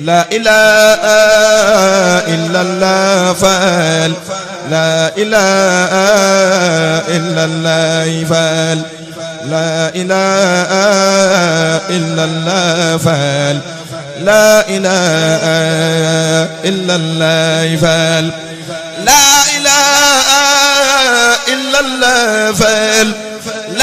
لا إله إلا الله فال لا إله إلا الله فال لا إله إلا الله فال لا إله إلا الله فال لا إله إلا الله فال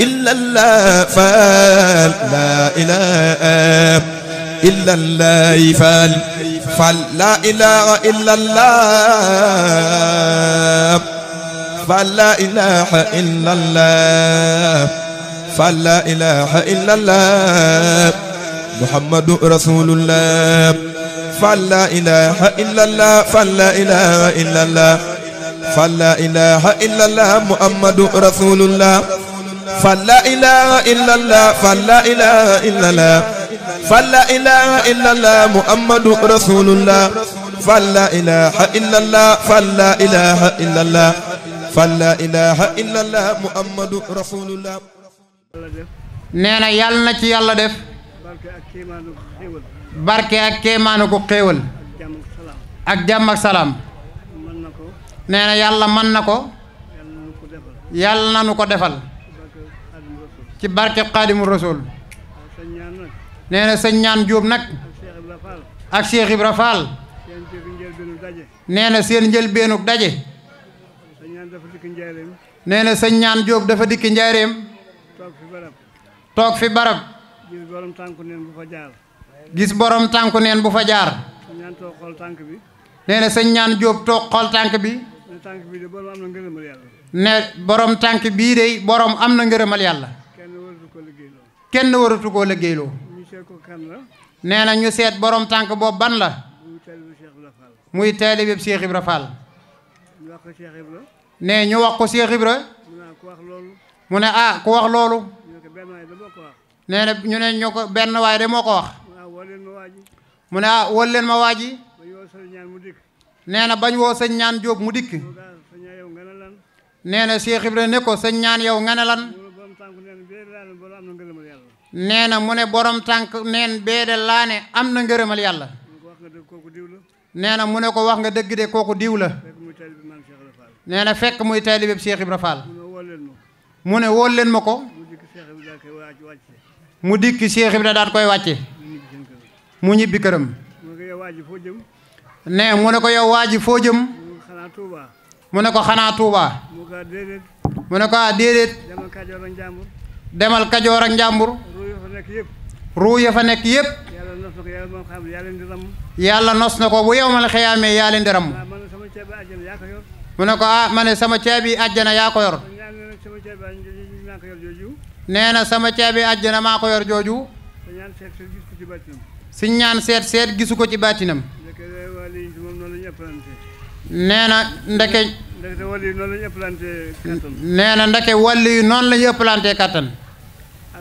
إلا الله فال لا إله إلا الله فال فال لا إله إلا الله فلا إله إلا الله فلا إله إلا الله محمد رسول الله فلا إله إلا الله فلا إله إلا الله فلا إله إلا الله محمد رسول الله فلا إله إلا الله فلا إله إلا الله فلا إله إلا الله محمد رسول الله فلا إله إلا الله فلا إله إلا الله فلا إله إلا الله محمد رسول الله nee na yàlla na ci yàlla def barke ak kéemaanu ko xéewal ak jàmm ak salaam nee na yàlla mën na ko yàlla na nu ko defal ci barkeb xaadimu rasul nee na sëñ ñaan jóob nag ak Cheikh Ibra Fall nee na seen njëlbeenuk daje nee na sëñ ñaan jóob dafa dikki njaareem toog fi barab gis borom tànku neen bu fa jaar nee na sëñ ñaan jóob toog xool tànk bi ne borom tànk bii de borom am na ngërëmal yàlla kenn waratu koo liggéeyloo nee na ñu seet boroom tànk boobu ban la muy taalibeeb Cheikh Ibra Fall nee ñu wax ko Cheikh Ibra mu ne ah ku wax loolu nee na ñu ne ñu ko benn waay de moo ko wax mu ne ah wol ma waa ji nee na bañ woo sëñ ñaan jóob mu dikk nee na ah, Cheikh Ibra ko sëñ ñaan yow nga lan nee na mu ne borom tànk neen bee de laa ne am na ngërëmal yàlla nee na mu ne ko wax nga dëgg de kooku diw la nee na fekk muy taalibe Cheikh Ibra Fall mu ne wóol leen ma ko mu dikk dikki Cheikh Ibra daat koy wàcce mu ñibbi këram ne mu ne ko yow waa ji foo jëm mu ne ko xanaa Touba mu ne ko ah déedéet demal Kajoor ak Njàmbur nekk yëpp. ya fa nekk yëpp. yàlla nos na ko yàlla nos na ko bu yow ma la xëyaamee yaa leen di ramm. Ah, mu ne ko ah ma ne sama caabi àjjana yaa ko yor. nee na sama caabi àjjana maa ko yor jooju. si ñaan seet seet gisu ko ci baatinam. nee na ndeke. nee na ndeke wàll yi noonu la ñu ëppalantee kattan.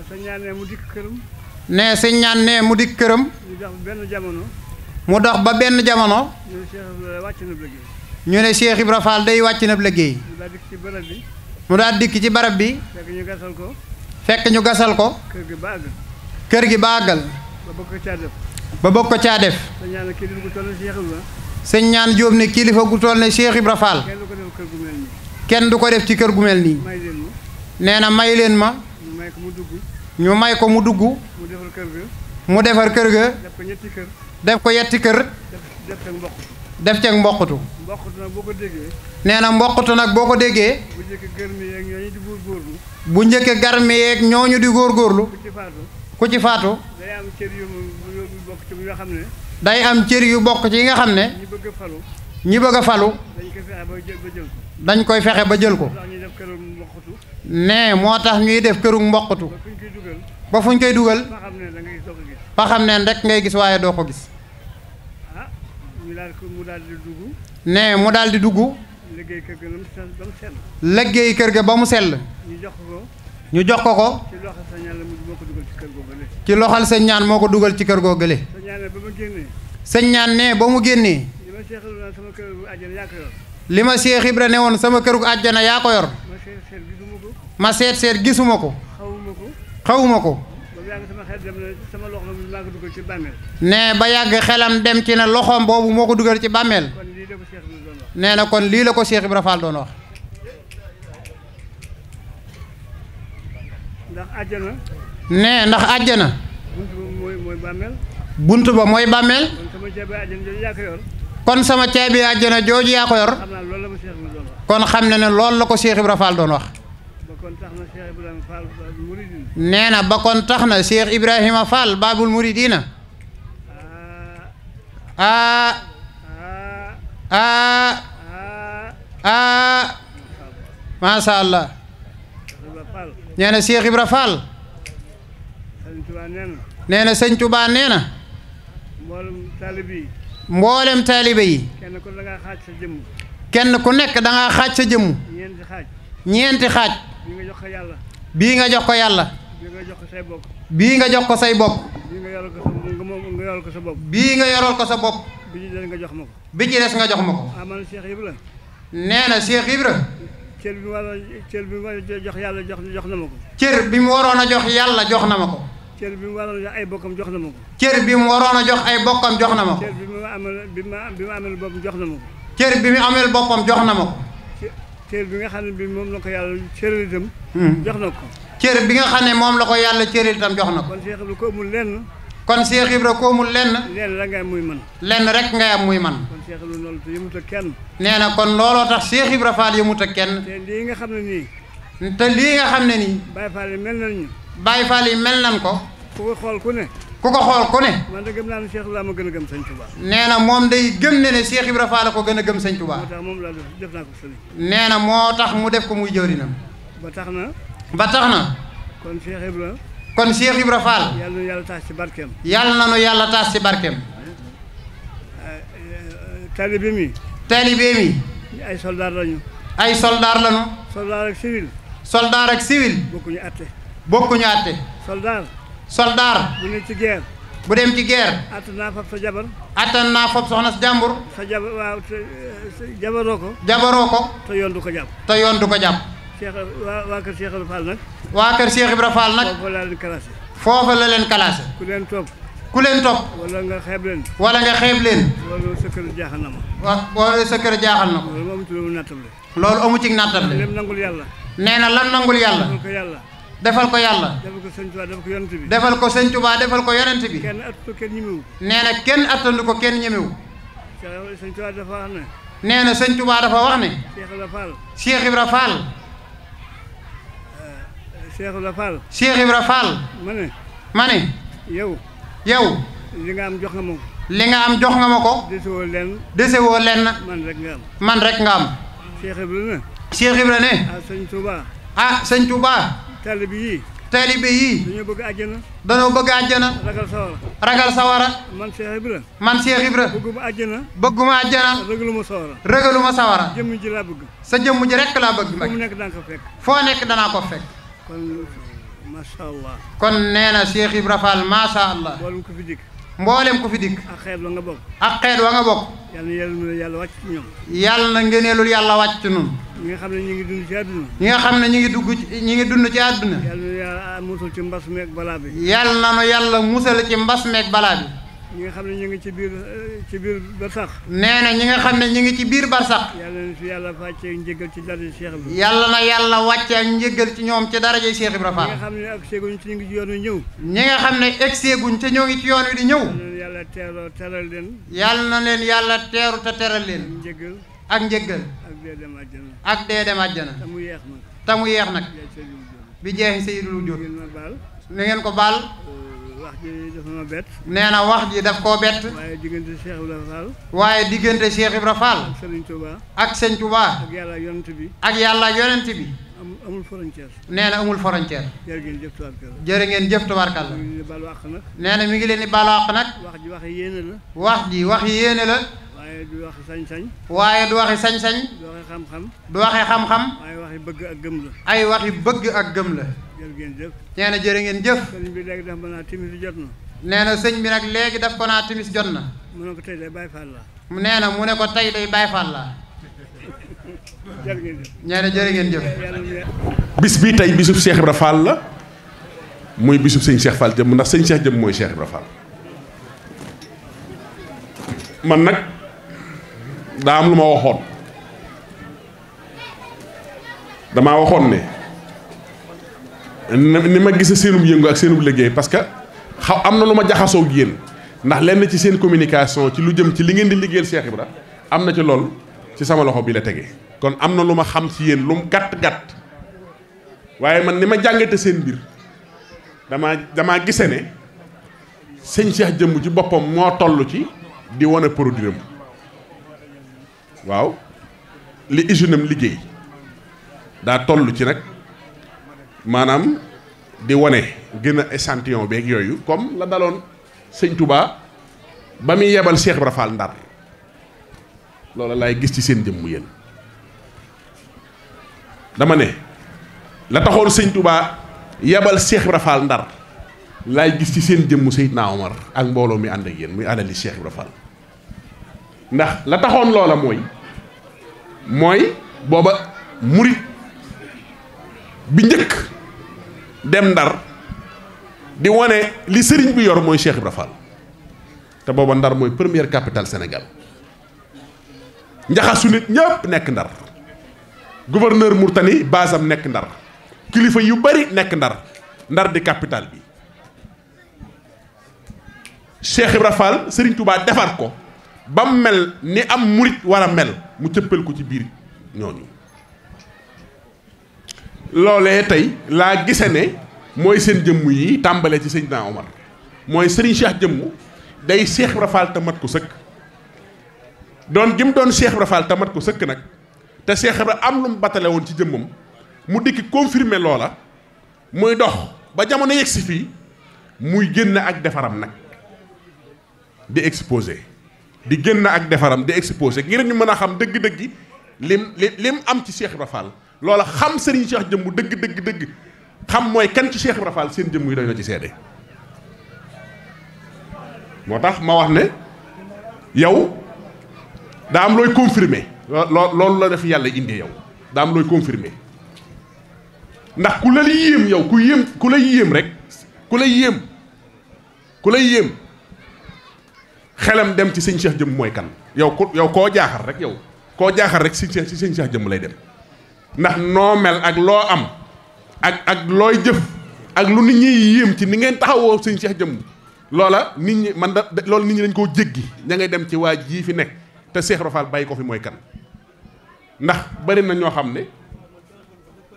sëñ ñaan ne mu dikk këram. ne ne mu dikk këram. dox ba benn jamono. mu dox ba benn jamono. ñu ne Cheikh Ibra Fall day wàcc na liggéey. mu daal dikk ci barab bi. mu daal dikk ci barab bi. fekk ñu gasal ko. fekk ñu gasal ko. kër gi baagal. kër gi baagal. ba bokk ko caa def. ba bokk ko caa def. sëñ ñaan ne kilifa gu toll ne Cheikh Ibra. sëñ ñaan Jóob kenn du ko def ci kër gu mel nii. nee na may leen ma. ñu mu dugg. ñu may ko mu dugg. mu defar kër ga. mu defar kër ga. def ko kër. def ko yetti kër. def ceeg def ceeg mboqutu. mboqutu nag boo ko déggee. nee na mboqutu nag boo ko déggee. bu njëkk garmi yeeg ñooñu di góorgóorlu. bu njëkk garmi yeeg ñooñu di góorgóorlu. ku ci faatu. ci faatu. day am cër yu bokk ci xam ne. day am cër yu bokk yi nga xam ne. ñi bëgg falu. ñi bëgg a dañ koy fexe ba jël ko. dañ koy fexe ba jël ko. moo tax ñu def këram mboqutu. nee moo tax ñuy def këru mboqatu ba fu ñu koy dugal ba xam ne rek ngay gis waaye doo ko gis nee mu daal di dugg liggéey kër ga ba mu sell ñu jox ko ko ci loxal sëñ ñaan moo ko dugal ci kër goo gële sëñ ñaan nee ba mu génnee li ma Cheikh Ibra ne woon sama këru àjjana yaa ko yor ma seet seet gisuma ko. xawuma ko. xawuma ko. ne ba yàgg xelam dem ci ne loxoom boobu moo ko dugal ci bàmmeel. nee na kon lii la ko Cheikh Ibra Fall doon wax. ndax àjjana. nee ndax àjjana. bunt ba mooy bàmmeel. kon sama caabi àjjana jooju yaa ko yor. kon xam ne ne loolu la ko Cheikh Ibra Fall doon wax. nee na ba kon tax na Cheikh Ibrahima Fall Baabul Muridiina aa aa aa macha allah nee na Cheikh Ibra Fall nee na Sëñ Tuubaa nee na mboolem taalibe yi kenn ku nekk da ngaa xaaj sa jëmm ñeenti xaaj bii nga jox ko yàlla. bii nga jox ko yàlla. bii nga jox ko say bopp. bii nga jox ko say bopp. bii nga yoral ko sa ko sa bopp. bii nga yoral ko sa bopp. bi ci des nga jox ma ko. bi nga jox ma ko. ah man Cheikh nee na Cheikh Ibra. cër bi mu waroon bi mu waroon jox yàlla jox jox na ma ko. cër bi mu waroon a jox yàlla jox na ma ko. bi mu waroon a jox ay bokkam jox na ma ko. cër bi mu waroon a jox ay bokkam jox na ma ko. bi mu amal bi ma bi ma amal jox na ma ko. bi mu amal boppam jox na ma ko. cër bi nga xam ne bi moom la ko yàlla cëral itam hmm. jox na ko cër bi nga xam ne moom la ko yàlla cëral itam jox na ko kon Cheikh Ibra ko amul lenn kon Cheikh Ibra ko amul lenn lenn rek ngay muy man lenn rek ngay am muy man kon Cheikh Ibra loolu kenn nee na kon looloo tax Cheikh Ibra Fall yëmut ak kenn te lii nga xam ne nii te lii nga xam ne nii Baye Fall yi mel nañ ñu Baye faal yi mel nañ ko ku ko xool ku ne ku ko xool ku ne. man gëm naa ne Cheikh Ibrahima ma gën a gëm Sëñ Touba. nee na moom day gëm ne ne Cheikh Ibrahima Fall ko gën a gëm sañ Touba. moo tax moom laa def naa ko sëriñ. nee na moo tax mu def ko muy jëwrinam. ba tax na. ba na. kon Cheikh Ibrahima. kon Cheikh Ibrahima Fall. yàlla na yàlla taas ci barkeem. yàlla na nu yàlla taas ci barkeem. taalibe mi. taalibe mi. ay soldaar lañu. ay soldaar lañu. soldaar ak civil. soldaar ak civil. bokkuñu àtte. bokkuñu àtte. soldaar. soldaar. bu dem ci guerre. bu dem ci guerre. attan naa fab sa jabar. attan naa fab soxna si jàmbur. sa jabar waaw eh, jabaroo ko. jabaroo ko. te yoon du ko jàpp. te yoon du ko jàpp. Cheikh waa kër Cheikh Ibra Fall nag. waa kër Cheikh Ibra Fall nag. foofa la leen classé. leen classé. ku leen topp. ku leen topp. wala nga xeeb leen. wala nga xeeb leen. loolu sa kër jaaxal na ma. waaw sa kër jaaxal na ma. loolu amu ci lu mu nattable. loolu amu ci nattable. nee na lan nangul nangul yàlla. defal ko yàlla. defal ko sëñ Tuubaa defal ko yonent bi. defal ko sëñ defal ko yonent bi. kenn attanu ko kenn ñemewu. nee na kenn attanu ko kenn ñemewu. sëñ Tuubaa dafa wax ne. nee na sëñ Tuubaa dafa wax ne. Cheikh Ibra Fall. Cheikh Ibra Fall. Eh, Cheikh ma ne. ma ne. yow. yow. li nga am jox nga ma ko. li nga am jox nga ma ko. desewoo lenn. desewoo lenn. man rek nga am. man rek nga am. Cheikh Ibra ne. Cheikh ne. ah sëñ Tuubaa. ah taalibe yii. taalibe yii. dañoo bëgg àjjana. dañoo bëgg àjjana. ragal sawara. ragal sawara. man Cheikh Ibra. man Cheikh Ibra. bëgguma àjjana. bëgguma àjjana. ma sawara. ragaluma sawara. jëmm ji laa bëgg. sa jëmm ji rek laa bëgg. fu mu nekk danaa ko fekk. foo nekk danaa ko fekk. kon macha allah. kon nee na Cheikh Ibra Fall macha allah. mboolem fi dikk. mboolem ku fi dikk. ak xeet wa nga bokk. ak xeet wa nga bokk. yal na ngeeneelul yàlla wàcc ñoom. yal na ngeeneelul yàlla wàcc ci ñun. ñi nga xam ne ñu ngi dund ci ñi nga xam ne ñu ngi dugg ci ñu ngi dund ci àdduna. yal na yàlla musal ci mbas meeg balaa bi. yal na nu yàlla musal ci mbas meek balaa bi. ñi nga xam ne ñu ngi ci biir ci biir barsax nee na ñi nga xam ne ñu ngi ci biir barsax yàlla na fi yàlla wàccee njëgal ci daraja Cheikh Ibra yàlla na yàlla wàccee ak njëgal ci ñoom ci daraja Cheikh Ibra Fall ñi nga xam ne egg seeguñ ci ñu ngi ci yoon wi ñëw ñi nga xam ne egg seeguñ te ñoo ngi ci yoon wi di ñëw yàlla teeroo teral leen yàlla na leen yàlla teeru te teral leen njëgal ak njëgal ak dee dem àjjana ak dee dem àjjana te mu yeex nag te mu yeex nag bi jeexi Sayyidul Wujud na ngeen ko baal euh, wax ji daf ma nee na wax ji daf koo bett. waaye diggante Cheikh Ibrahima Fall. waaye diggante Cheikh Ibrahima ak Sëriñ Touba. ak Sëñ Touba. ak yàlla yonent bi. ak yàlla yonent bi. amul frontière. nee na amul frontière. jërë ngeen jëf tubaarkalla. jërë ngeen jëf tubaarkalla. nee na mi ngi leen di baalu àq nag. wax ji wax yéene la. wax ji wax yéene la. waaye du waxi sañ-sañ. waaye du waxi sañ-sañ. du waxi xam-xam. du waxi xam-xam. waaye ay waxi bëgg ak gëm la. jërë ngeen jëf. ngeen jëf. sëriñ bi léegi nee na sëñ bi nag léegi daf ko naa timis jot na. mu ne ko tey day Baay Faal la. nee na mu ne ko tey day Baay Faal la. jërë ngeen ngeen jëf. bis bii tey bisub Cheikh Ibra Fall la muy bisu sëñ Cheikh Fall jëm ndax sëñ seex jëm mooy Cheikh Ibra Fall man nag daa am lu ma waxoon damaa waxoon ne. ni ma gis seenub yëngu ak seenub liggéey parce que xaw am na lu ma jaxasoo yéen ndax lenn ci seen communication ci lu jëm ci li ngeen di liggéeyal Cheikh ra am na ci lool ci sama loxo bi la tege kon am na lu ma xam ci yéen lu mu gàtt gàtt waaye man ni ma jàngate seen mbir dama damaa gise ne sëñ Cheikh jëmb ci boppam moo tollu ci di wane produit am waaw li usine am liggéey daa tollu ci nag. maanaam di wane gën a échantillon beeg yooyu comme la daloon sëñ Touba ba muy yebal Cheikh Ibra Fall Ndar loola laay gis ci seen jëmm yéen dama ne la taxoon sëñ Touba yebal Cheikh Ibra Fall laay gis ci seen jëmm Seydina Omar ak mbooloo mi ànd ak yéen muy alali Cheikh Ibra ndax la taxoon loola mooy mooy booba murit bi njëkk. dem ndar di wane li sëriñ bi yor mooy Cheikh Ibra te booba ndar mooy première capitale senegal njaxasu nit ñëpp nekk ndar gouverneur Mourtani basam nekk ndar kilifa yu bari nekk ndar ndar di capitale bi Cheikh Ibra Fall Serigne defar ko ba mu mel ni am murit war a mel mu cëppeel ko ci biir ñooñu. loolee tey laa gise ne mooy seen jëmm yi tàmbale ci sëñ naa Omar mooy Serigne Cheikh jëmm day Cheikh Ibra tamat ko sëkk doon gi mu doon Cheikh Ibra Fall ko sëkk nag te Cheikh Ibra am lu mu batale woon ci jëmmam mu dikk confirmer loola muy dox ba jamono yegsi fii muy génn ak defaram nag di exposé di génn ak defaram di exposé ngir ñu mën a xam dëgg-dëgg lim lim am ci Cheikh Ibra loola xam sëriñ Cheikh jëmm dëgg dëgg dëgg xam mooy kan ci Cheikh Ibra Fall seen jëmm yi doy la ci seede moo tax ma wax ne yow daa am looy confirmer loo loolu la def yàlla indi yow daa am looy confirmer ndax ku la yéem yow ku yéem ku la yéem rek ku la yéem ku la yéem xelam dem ci sëñ Cheikh jëmm mooy kan yow ku yow koo jaaxal rek yow koo jaaxal rek si si sëñ Cheikh jëmm lay dem. ndax noo mel ak loo am ak ak looy jëf ak lu nit ñi yéem ci ni ngeen taxawoo sëñ Cheikh jëmm loola nit ñi man da loolu nit ñi dañ koo jéggi ña ngay dem ci waa jii fi nekk te Cheikh Rofal bàyyi ko fi mooy kan ndax bari na ñoo xam ne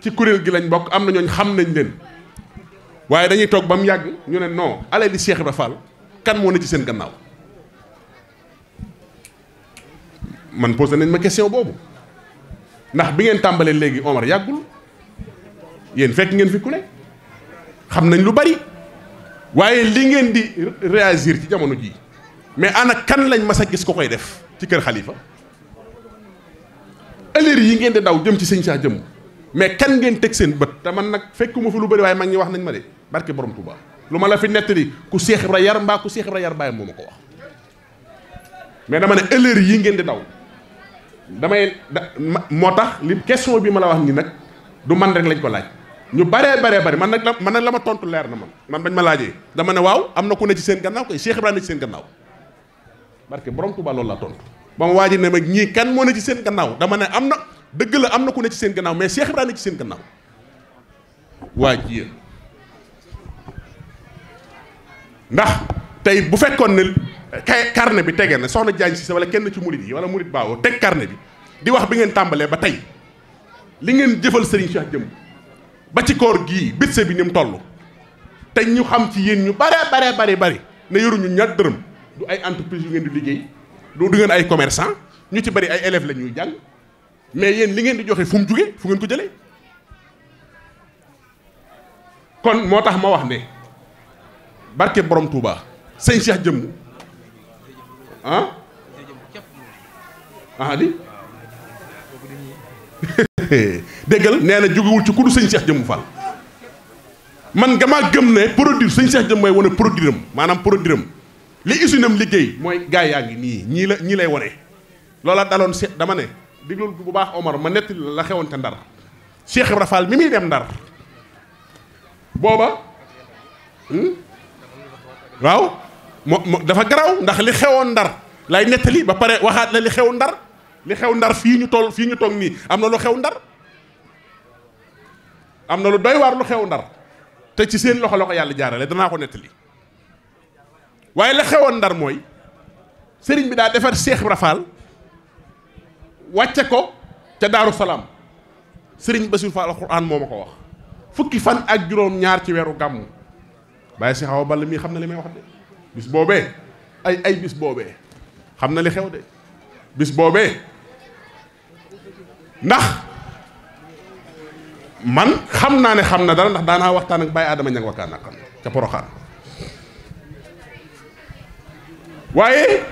ci kuréel gi lañ bokk am na ñooñ xam nañ leen waaye dañuy toog ba mu yàgg ñu ne noo ale di Cheikh Rofal kan moo ne ci seen gannaaw man posé nañ ma question boobu ndax bi ngeen tàmbalee léegi Omar yàggul yéen fekk ngeen fi ku ne xam nañ lu bari waaye li ngeen di réagir ci jamono jii mais ana kan lañ mas a gis ko koy def ci kër xalifa ëllëri yi ngeen di daw jëm ci sëñ saa jëm mais kan ngeen teg seen bët te man nag fekkuma fi lu bari waaye mag ñi wax nañ ma de barke borom Touba lu ma la fi nettali ku Seex Ibra yar mbaa ku Seex Ibra yar bàyyi moo ma ko wax mais ma ne ëllëri yi ngeen di daw damay da moo tax li question bi ma la wax ñi nag du man rek lañ ko laaj ñu baree baree bari man nag la man nag la ma tontu leer na man man bañ ma laajee dama ne waaw am na ku ne ci seen gannaaw koy Cheikh Ibrahima ne ci seen gannaaw parce que borom Tuubaa loolu laa tontu. ba ma waaj ne ma ñii kan moo ne ci seen gannaaw dama ne am na dëgg la am na ku ne ci seen gannaaw mais Cheikh Ibrahima ne ci seen gannaaw waa ji ndax tey bu fekkoon ne. kay carnet bi tege na soxna Diagne Cissé wala kenn ci murit yi wala murit baawoo teg carnet bi di wax bi ngeen tàmbalee ba tey li ngeen jëfal Serigne Cheikh jëm ba ci koor gii bitse bi ni mu toll te ñu xam ci yéen ñu bare bare bare bari ne yoruñu ñaar dërëm du ay entreprise yu ngeen di liggéey du ngeen ay commerçant ñu ci bari ay élèves lañuy ñuy jàng mais yéen li ngeen di joxe fu mu jugee fu ngeen ko jëlee kon moo tax ma wax ne barke borom Touba sëñ Cheikh jëmm ah ah li nee na jógewul ci kudu sëñ Cheikh Jëmbu Fall man gamaa gëm ne produire sëñ Cheikh jëm mooy wone produire maanaam produire am li usine liggéey mooy gaa yaa ngi nii ñii la ñii lay loolu la daloon se dama ne diglul bu baax Omar ma nettali la xewoon te ndar Cheikh Ibra mi muy dem ndar booba hmm? waaw moo moo dafa garaaw ndax li xewoon ndar lay nettali ba pare waxaat la li xew ndar li xew ndar fii ñu toll fii ñu toog nii am na lu xew ndar am na lu doy waar lu xew ndar te ci seen loxo la yàlla jaarale danaa ko nettali waaye la xewoon ndar mooy sëriñ bi daa defar seex Ibra wàcce ko ca Daaru Salaam sëriñ Bassirou Fall alxuraan moo ma ko wax fukki fan ak juróom ñaar ci weeru gàmmu bàyyi si xaw ball mii xam na li may wax de bis boobee ay ay bis boobee xam na li xew de bis boobee ndax man xam naa ne xam na dara ndax daanaa waxtaan ak bàyyi aadama ñang wakkaan naqam ca poroxaan waaye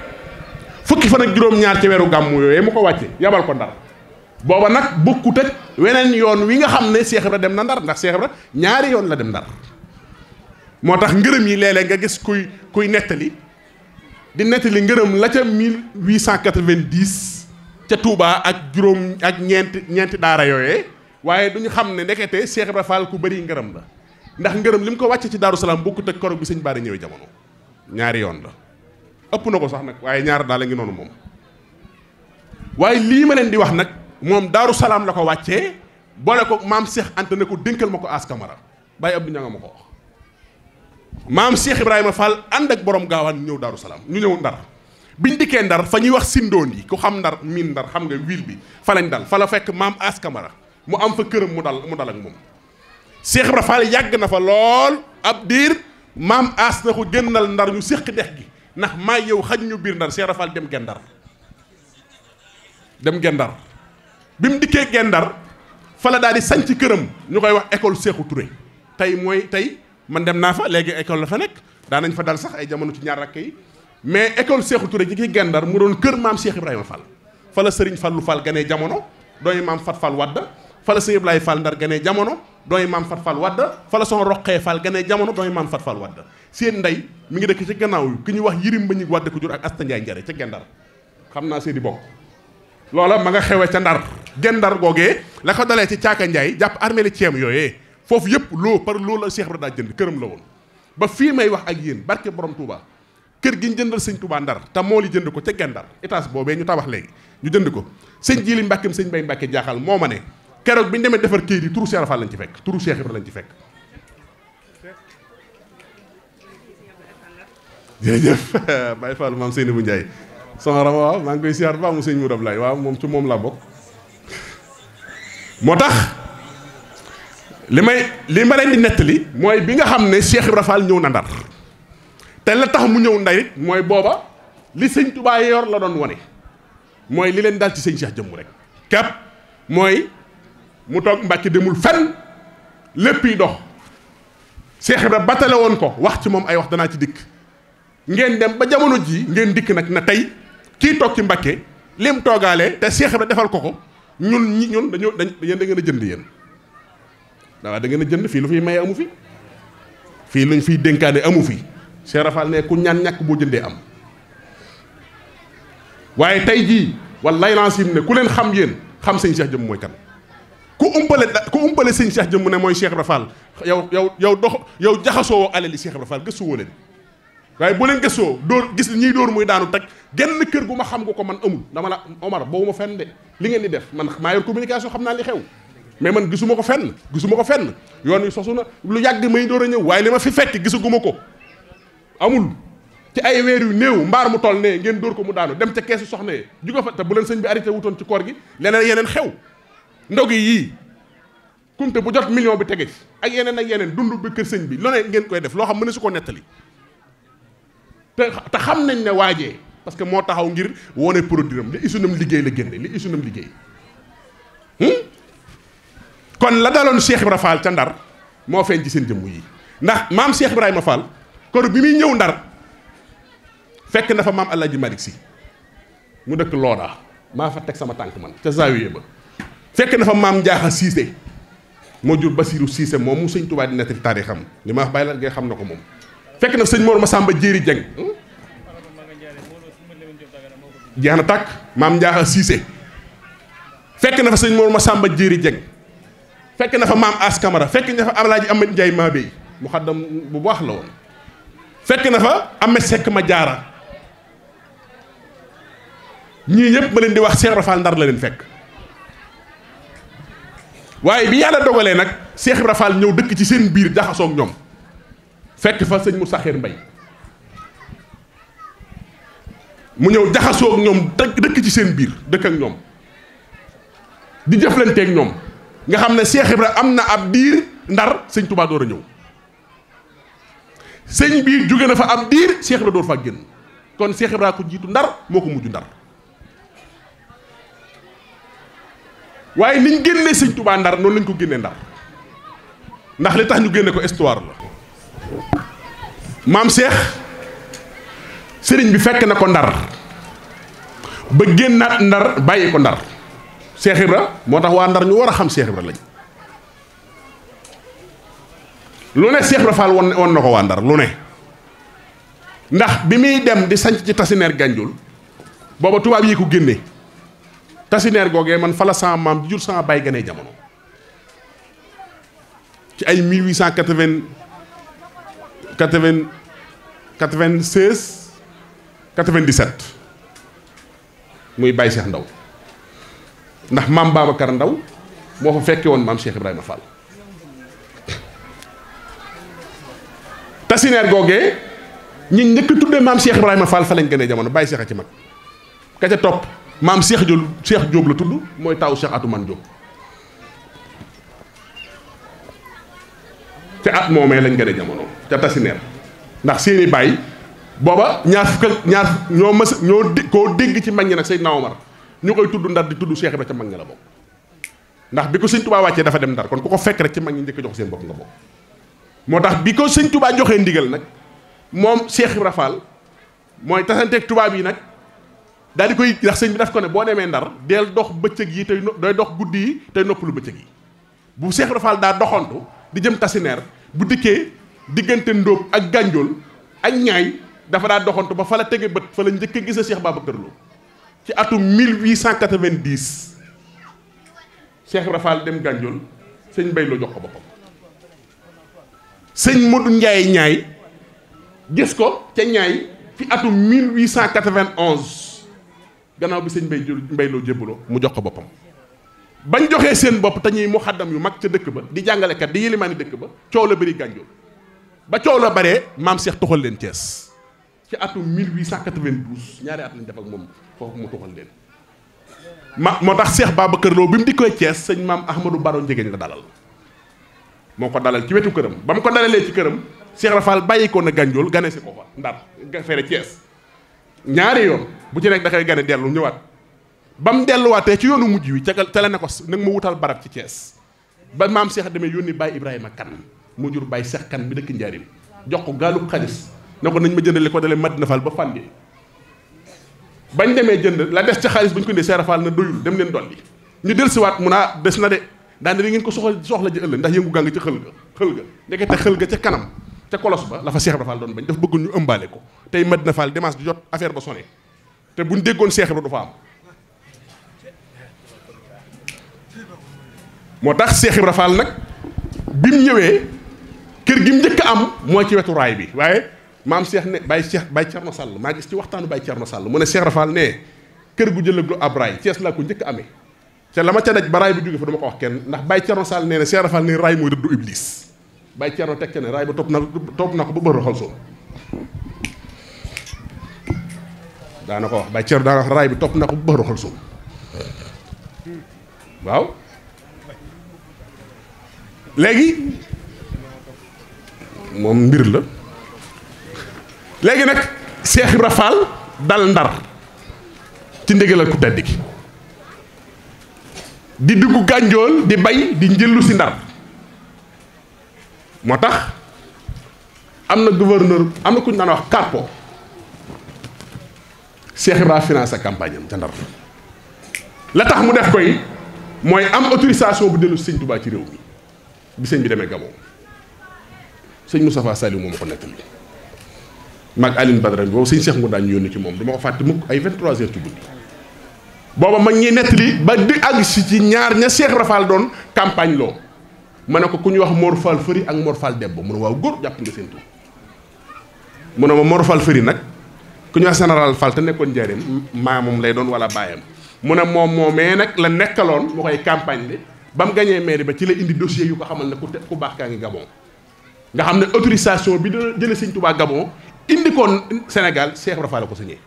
fukki fan ak juróom-ñaar ci weeru gàmmu yooyu mu ko wàcce yabal ko ndar booba nag bokkut ak weneen yoon wi nga xam ne Cheikh Ibra dem na ndar ndax Cheikh Ibra ñaari yoon la dem ndar moo tax ngërëm yi léeg nga gis kuy kuy nettali di nettali ngërëm la ca 1890 ca Touba ak juróom ak ñeenti ñeenti daara yooyee waaye duñu xam ne ndekete Cheikh ba Fall ku bëri ngërëm la ndax ngërëm li mu ko wàcce ci Daaru Salaam bokkut ak koroog bi sëñ Baara ñëwee jamono ñaari yoon la ëpp na ko sax nag waaye ñaar daal la ngi noonu moom waaye lii ma leen di wax nag moom Daaru Salaam la ko wàccee boole ko maam seex Anta ne ko dénkal ma ko askamara bàyyi Abdou ña ma ko maam Cheikh Ibrahima Fall ànd ak boroom gaawaan ñëw Daaru Salaam ñu ñëw Ndar biñ dikkee Ndar fa ñuy wax sindoon yi ku xam Ndar miin Ndar xam nga ville bi fa lañ dal fa la fekk maam As Kamara mu am fa këram mu dal mu dal ak moom. Cheikh Ibrahima Fall yàgg na fa lool ab diir maam As na ko génnal Ndar ñu séqi dex gi ndax maa yow xaj ñu biir Ndar Cheikh Ibrahima dem gen Gendar dem Gendar bi mu dikkee Gendar fa la daal di sanc këram ñu koy wax école Sékou Touré tey mooy tey. man dem naa fa léegi ecole la fa nekk daan nañ fa dal sax ay jamono ci ñaar rakk yi mais école Cheikhou Touré gi ki gendar mu doon kër maam Cheikh Ibrahima Fall fa la Serigne Fallou fal ganee jamono dooy maam Fat fal Wadda fala la Serigne Ibrahima ganee jamono dooy maam Fat Fall Wadda fa la son roqee Fall ganee jamono dooy maam Fat fal Wadda seen ndey mu ngi dëkk ci gannaaw yu ki ñuy wax yirim ba ñu Wadda ko jur ak Asta Ndiaye Njare ca gendar xam naa seen i bokk loolo ma nga xewee ca ndar gendar googee la ko dalee ci caaka Ndiaye jàpp armée li ceem yooyee foofu yëpp loo par loo la Cheikh Ibrahima daa jënd këram la woon ba fii may wax ak yéen barke borom Touba kër gi ñu jëndal sëñ Touba Ndar te moo li jënd ko ca Gendar étage boobee ñu tabax léegi ñu jënd ko sëñ Jili Mbàkkeem sëñ Bay Mbàkke jaaxal moo ma ne keroog bi ñu demee defar këyit yi turu Cheikh Rafal lañ ci fekk turu Cheikh Ibrahima lañ ci fekk jërëjëf Baye Fall maam seeni Ndiaye sama rama waaw maa ngi koy siyaar baa mu sëñ mu dab laay waaw moom ci moom laa bokk moo tax li may li ma leen di nettali mooy bi nga xam ne Cheikh Ibra ñëw na Ndar te la tax mu ñëw Ndar mooy booba li sëñ yor la doon wane mooy li leen dal ci sëñ Cheikh jëmm rek képp mooy mu toog Mbàkke demul fenn lépp yi dox Cheikh Ibra batale woon ko wax ci moom ay wax danaa ci dikk ngeen dem ba jamono ji ngeen dikk nag na tey kii toog ci Mbàkke lim toogaale te Cheikh Ibra defal ko ko ñun ñi ñun dañoo dañ yéen da ngeen a jënd yéen dawaa dangeen a jënd fii lu fiy maye amu fi fii luñ fiy dénkaane amu fi Cheikh Rafal ne ku ñaan ñàkk boo jëndee am waaye tey jii wallaay lancim ne ku leen xam yéen xam sëñ Cheikh Jëmm mooy kan ku umpale ku umpale sëñ Cheikh mu ne mooy Cheikh Rafal yow yow yow dox yow jaxasoo alali Cheikh Rafal gëstuwoo leen waaye bu leen gëstoo dóor gis ñii dóor muy daanu teg genn kër gu ma xam nga ko man amul dama la Omar boobu ma fenn de li ngeen di def man maa yor communication xam naa li xew mais man gisuma ko fenn gisuma ko fenn yoon wi sosu na lu yàgg may door a ñëw waaye li ma fi fekk ma ko amul ci ay weer yu néew mbaar mu toll nee ngeen dóor ko mu daanu dem ca keesu soxna yi juga te bu leen sëñ bi arrêté wutoon ci koor gi leneen yeneen xew ndog yi yii kumte bu jot million bi tege ci ak yeneen ak yeneen dund bi kër sëñ bi lone ngeen koy def loo xam mën na su ko nettali te te xam nañ ne waajee parce que moo taxaw ngir wone produit am li liggéey la génne li isunam liggéey hmm? kon la daloon Cheikh Ibra Fall ca Ndar moo feeñ ci seen jëmm yi ndax maam Cheikh Ibrahima Fall kor bi muy ñëw Ndar fekk na fa maam El Hadj Malick si mu dëkk Looda maa fa teg sama tànk man ca zaawiye ba fekk na fa maam Njaaxa Siise moo jur Basiiru Siise moom mu sëñ Tuubaa di nettali taarixam li ma wax bàyyi xam na ko moom fekk na sëñ Mor Masamba Jéeri Jeng jeex na tàkk maam Njaaxa Siise fekk na fa sëñ Mor Masamba Jéeri Jeng fekk na fa maam askamara fekk na fa Alaaji Amet Njaay Maabey mu xaddam bu baax la woon fekk na fa Amet Sekk ma jaara ñii ñëpp ma leen di wax Cheikh Ibra Ndar la leen fekk waaye bi yàlla dogalee nag Cheikh Ibra ñëw dëkk ci seen biir jaxasook ñoom fekk fa sëñ mu saxeer Mbay mu ñëw jaxasook ñoom dëkk ci seen biir dëkk ak ñoom di jëflanteeg ñoom nga xam ne Cheikh Ibra am na ab diir ndar sëñ Touba door a sëñ bi jóge na fa ab diir Cheikh Ibra door faa génn kon Cheikh Ibra ko jiitu ndar moo ko mujj ndar waaye niñ génnee sëñ Touba ndar noonu lañ ko génnee ndar ndax li tax ñu génne ko histoire la maam Cheikh sëriñ bi fekk na ko ndar ba génnaat ndar bàyyi ko ndar Cheikh Ibra moo tax waa Ndar ñu war a xam Cheikh Ibra lañ lu ne Cheikh Ibra Fall won na ko waa Ndar lu ne ndax bi muy dem di sanc ci tasineer gànjul booba tubaab yi ko génne tasineer googee man fala sama maam di jur sama baay ganee jamono ci ay 1880 80 96 97 muy Baye Cheikh Ndaw ndax maam Babacar Ndaw moo fa fekke woon maam Cheikh Ibrahima Fall tasineer googee ñi njëkk tuddee maam Cheikh Ibrahima Fall fa lañ gënee jamono bàyyi Cheikh a ci mag ka ca topp maam Cheikh Diop Cheikh Diop la mooy taw Cheikh Atoumane Diop te at moomee lañ gënee jamono ca tasineer ndax seeni bàyyi booba ñaar fukk ñaar ñoo mës ñoo dé koo dégg ci mag ñi nag Seydina Omar ñu koy tudd ndar di tudd Cheikh Ibra ca mag nga la bokk ndax bi ko sëñ Tuubaa wàccee dafa dem ndar kon ku ko fekk rek ci mag ñi njëkk jox seen bopp nga bokk moo tax bi ko sëñ Tuubaa joxee ndigal nag moom Cheikh Ibra mooy tasanteeg tubaab yi nag daal di koy ndax sëñ bi daf ko ne boo demee ndar deel dox bëccëg yi tey doy dox guddi yi noppalu bëccëg bu Cheikh Ibra Fall doxantu di jëm tasineer bu dikkee diggante ndóob ak gànjool ak ñaay dafa daa doxantu ba fa la tege bët fa la njëkk a gis a Cheikh Babacar Lo ci atum 1890 Cheikh Rafal dem Gànjool sëñ Bay la jox ko boppam sëñ Modou Ndiaye ñaay gis ko ca ñaay ci atum 1891 gannaaw bi sëñ Bay Mbay loo jébbaloo mu jox ko boppam. bañ joxee seen bopp te ñuy muxaddam yu mag ca dëkk ba di jàngalekat di yëlimaani dëkk ba coow la bëri Gànjool ba coow la bëree maam Cheikh toxal leen Cees ci atum 1892 ñaari at lañ def ak moom foofu mu tuxal leen. ma moo tax Cheikh Babacar Lo bi mu dikkee Thiès sëñ maam Ahmadou Baro Njëgeñ la dalal moo ko dalal ci wetu këram ba mu ko dalalee ci këram Cheikh Rafal bàyyi ko na Ganjool gane si ko fa Ndar fere Thiès ñaari yoon bu ci nekk da koy gane dellu ñëwaat ba mu delluwaatee ci yoonu mujj wi ca ca la ne ko nag ma wutal barab ci Thiès ba maam Cheikh demee yónni Baye Ibrahima kan mu jur Baye seex kan bi dëkk Njaarim jox ko gaalu xaalis ne ko nañ ma jëndali ko dalee Madina Fall ba Fànn bañ demee jënd la des ca xaalis bu ñu ko indee Seera Fall na doyul dem leen dolli ñu del dellusiwaat mun a des na de daan ngeen ko soxla soxla ji ëllëg ndax yëngu gàng ca xël ga xël ga ndekete xël ga ca kanam ca kolos ba la fa Seex Ibra doon bañ daf bëggul ñu ëmbaale ko tey Madina Fall démarche di jot affaire ba sonné te bu buñ déggoon Seex Ibra du tax Seex Ibra Fall nag bi mu ñëwee kër gi mu njëkk am mooy ci wetu raay bi waaye maam Cheikh ne Baye Cheikh Baye Thierno Sall maa gis ci waxtaanu Baye Thierno Sall mu ne Cheikh Rafal ne kër gu jëlëg lu ab raay Cees laa ko njëkk ame te la ma ca daj ba raay bu jóge fa dama ko wax kenn ndax Baye Thierno Sall nee na Cheikh Rafal ne raay mooy rëddu Iblis Baye Thierno teg ca ne raay ba topp na topp na ko ba bëri ko wax Baye Thierno daana bi topp na ko ba bëri xol waaw léegi moom mbir la léegi nag Cheikh Ibra dal ndar ci ndigalal ku tedd gi di dugg gànjool di bay di njëllu si ndar moo tax am na gouverneur am na ku naan wax carpo Cheikh Ibra financé campagne am ca ndar la tax mu def koy mooy am autorisation bu dellu sëñ Touba ci réew mi bi sëñ bi demee Gabon sëñ Moustapha Saliou moom ko nettali mag Alioune Badara boobu sëñ Cheikh Ngounda ñu yónni ci moom dama ko fàtte mukk ay 23 heures ci guddi booba mag ñi nettali ba di àgg si ci ñaar ña seex Rafal doon campagne loo ma ne ko ku ñu wax Mor Fall Fëri ak Mor Fall Debbo mu ne waaw góor jàpp nga seen tur mu ne ma Mor Fall nag ku ñu wax général Fall te nekkoon njëriñ maamam lay doon wala baayam mu ne moom moomee nag la nekkaloon moo koy campagne de ba mu gañee mairie ba ci la indi dossier yu ko xamal ne ku te ku baax kaa ngi Gabon nga xam ne autorisation bi dina jële sëñ Tuubaa indi koon Sénégal Cheikh Ibra Fall la ko signé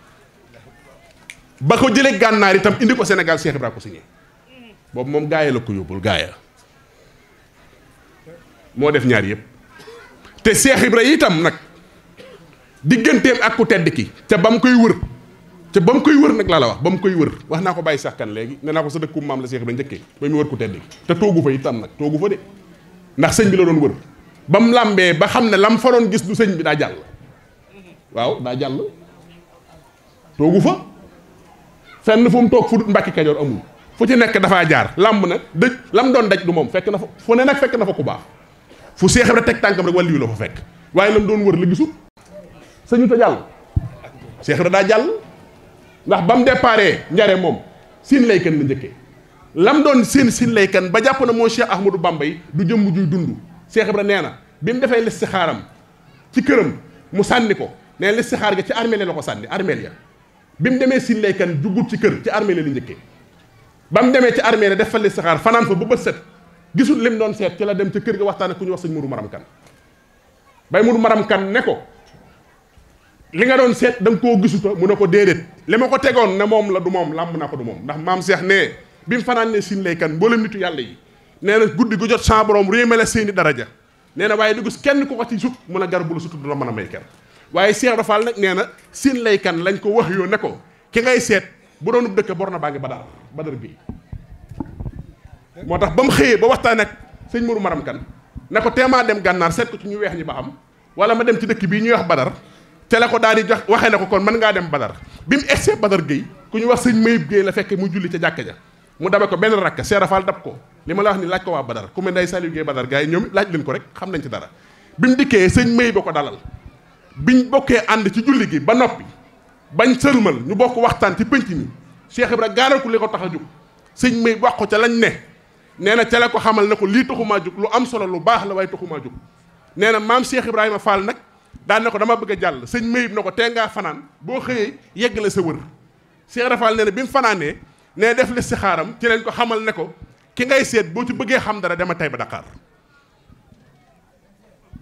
ba ko jëlee gànnaar itam indi ko Sénégal Cheikh Ibra ko signé boobu moom gaaya la ko yóbbul gaaya moo def ñaar yëpp te Cheikh Ibra itam nag digganteem ak ku tedd ki te ba mu koy wër te ba mu koy wër nag laa la wax ba mu koy wër wax naa ko bàyyi saxkan léegi nee naa ko sa dëkku maam la Cheikh Ibra njëkkee ba mu wër ku tedd ki te toogu fa itam nag toogu fa de ndax sëñ bi la doon wër ba mu làmbee ba xam ne lam fa doon gis du sëñ bi daa jàll waaw daa jàll toogu fa fenn fu mu toog fu dut Mbàkke Kajoor amul fu ci nekk dafaa jaar làmb nag dëj lam doon daj du moom fekk na fa fu ne nag fekk na fa ku baax fu seexam rek teg tànkam rek wàllu yu la fa fekk waaye lam doon wër la gisul sañu ta jàll seexam rek daa jàll ndax ba mu déparé njare moom siin lay kan la njëkkee lam doon seen siin lay kan ba jàpp na moo am Ahmadou Bamba yi du jëmm juy dund Cheikh Ibra nee na bi mu defee listixaaram ci këram mu sànni ko nee listixaar ga ci armeel la ko sànni armeel ya bi mu demee siin lay kan jugut ci kër ci armeel la njëkkee ba mu demee ci armeel def fa listixaar fanaan ko ba bët set li mu doon seet ci la dem ci kër gi waxtaan ku ñu wax sëñ Mourou Maram Kan bay Mourou Maram Kan ne ko li nga doon seet da nga koo gisuta mu ne ko déedéet li ma ko tegoon ne moom la du moom làmb naa ko du moom ndax maam seex ne bi mu fanaan ne siin lay kan mboolem nitu yàlla yi nee na guddi gu jot sa borom réemale seeni daraja nee na waaye du gis kenn ku ko ci sut la sutu du la mën a waaye Cheikh Ibra Fall nee na siin lay kan lañ ko wax yoo ne ko ki ngay seet bu doonub dëkk bor na baa ngi badar badar bii moo tax ba mu xëyee ba waxtaan ak sëñ Mourou Maram kan ne ko teemaa dem gànnaar seet ko ci ñu weex ñi ba xam wala ma dem ci dëkk bii ñuy wax badar te la daal di jox waxee na ko kon mën ngaa dem badar bi mu egsee badar géey ku ñu wax sëñ Mayib Géey la fekk mu julli ca jàkka ja mu dabe ko benn rakk Cheikh Ibra Fall dab ko li ma la wax ni laaj ko waa badar ku mel ne day Saliou Guèye badar gars yi ñoom laaj leen ko rek xam nañ ci dara bi mu dikkee sëñ Mayib ba ko dalal biñ bokkee ànd ci julli gi ba noppi bañ sërmal ñu bokk waxtaan ci pénc mi Cheikh Ibra gaaral ko li ko tax a jóg sëñ may wax ko ca lañ ne nee na ca la ko xamal ne ko lii taxumaa jóg lu am solo lu baax la waaye taxumaa jóg nee na maam Cheikh Ibrahima Fall nag daan ko dama bëgg a jàll sëñ mayib na ko tee ngaa fanaan boo xëyee yegg la sa wër Cheikh Ibrahima nee na bi mu fanaanee nee def li si xaaram ci leen ko xamal ne ko ki ngay seet boo ci bëggee xam dara dama tey ba Dakar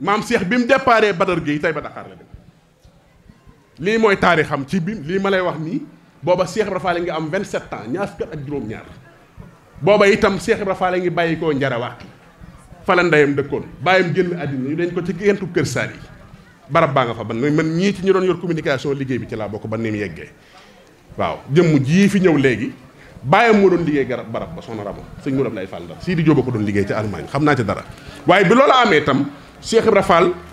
maam Cheikh bi mu déparé Badar Gueye tey ba Dakar la dem lii mooy xam ci biir lii ma lay wax nii booba Cheikh Ibra Fall ngi am vingt 27 ans ñaar fukk ak juróom-ñaar booba itam Cheikh Ibra Fall ngi bàyyi koo Njarawaat fala ndeyam dëkkoon bàyyam génn àddina ñu dañ ko ci géntub kër saar yi barab baa nga fa ban man ñii ci ñu doon yor communication liggéey bi ci laa bokk ba ni mu yeggee waaw jëmm jii fi ñëw léegi bàyyam moo doon liggéey garab barab ba soxna Rama sëñ Mourad lay Fall ndax Sidi Diop ko doon liggéey ci Allemagne xam naa ci dara waaye Cheikh Ibra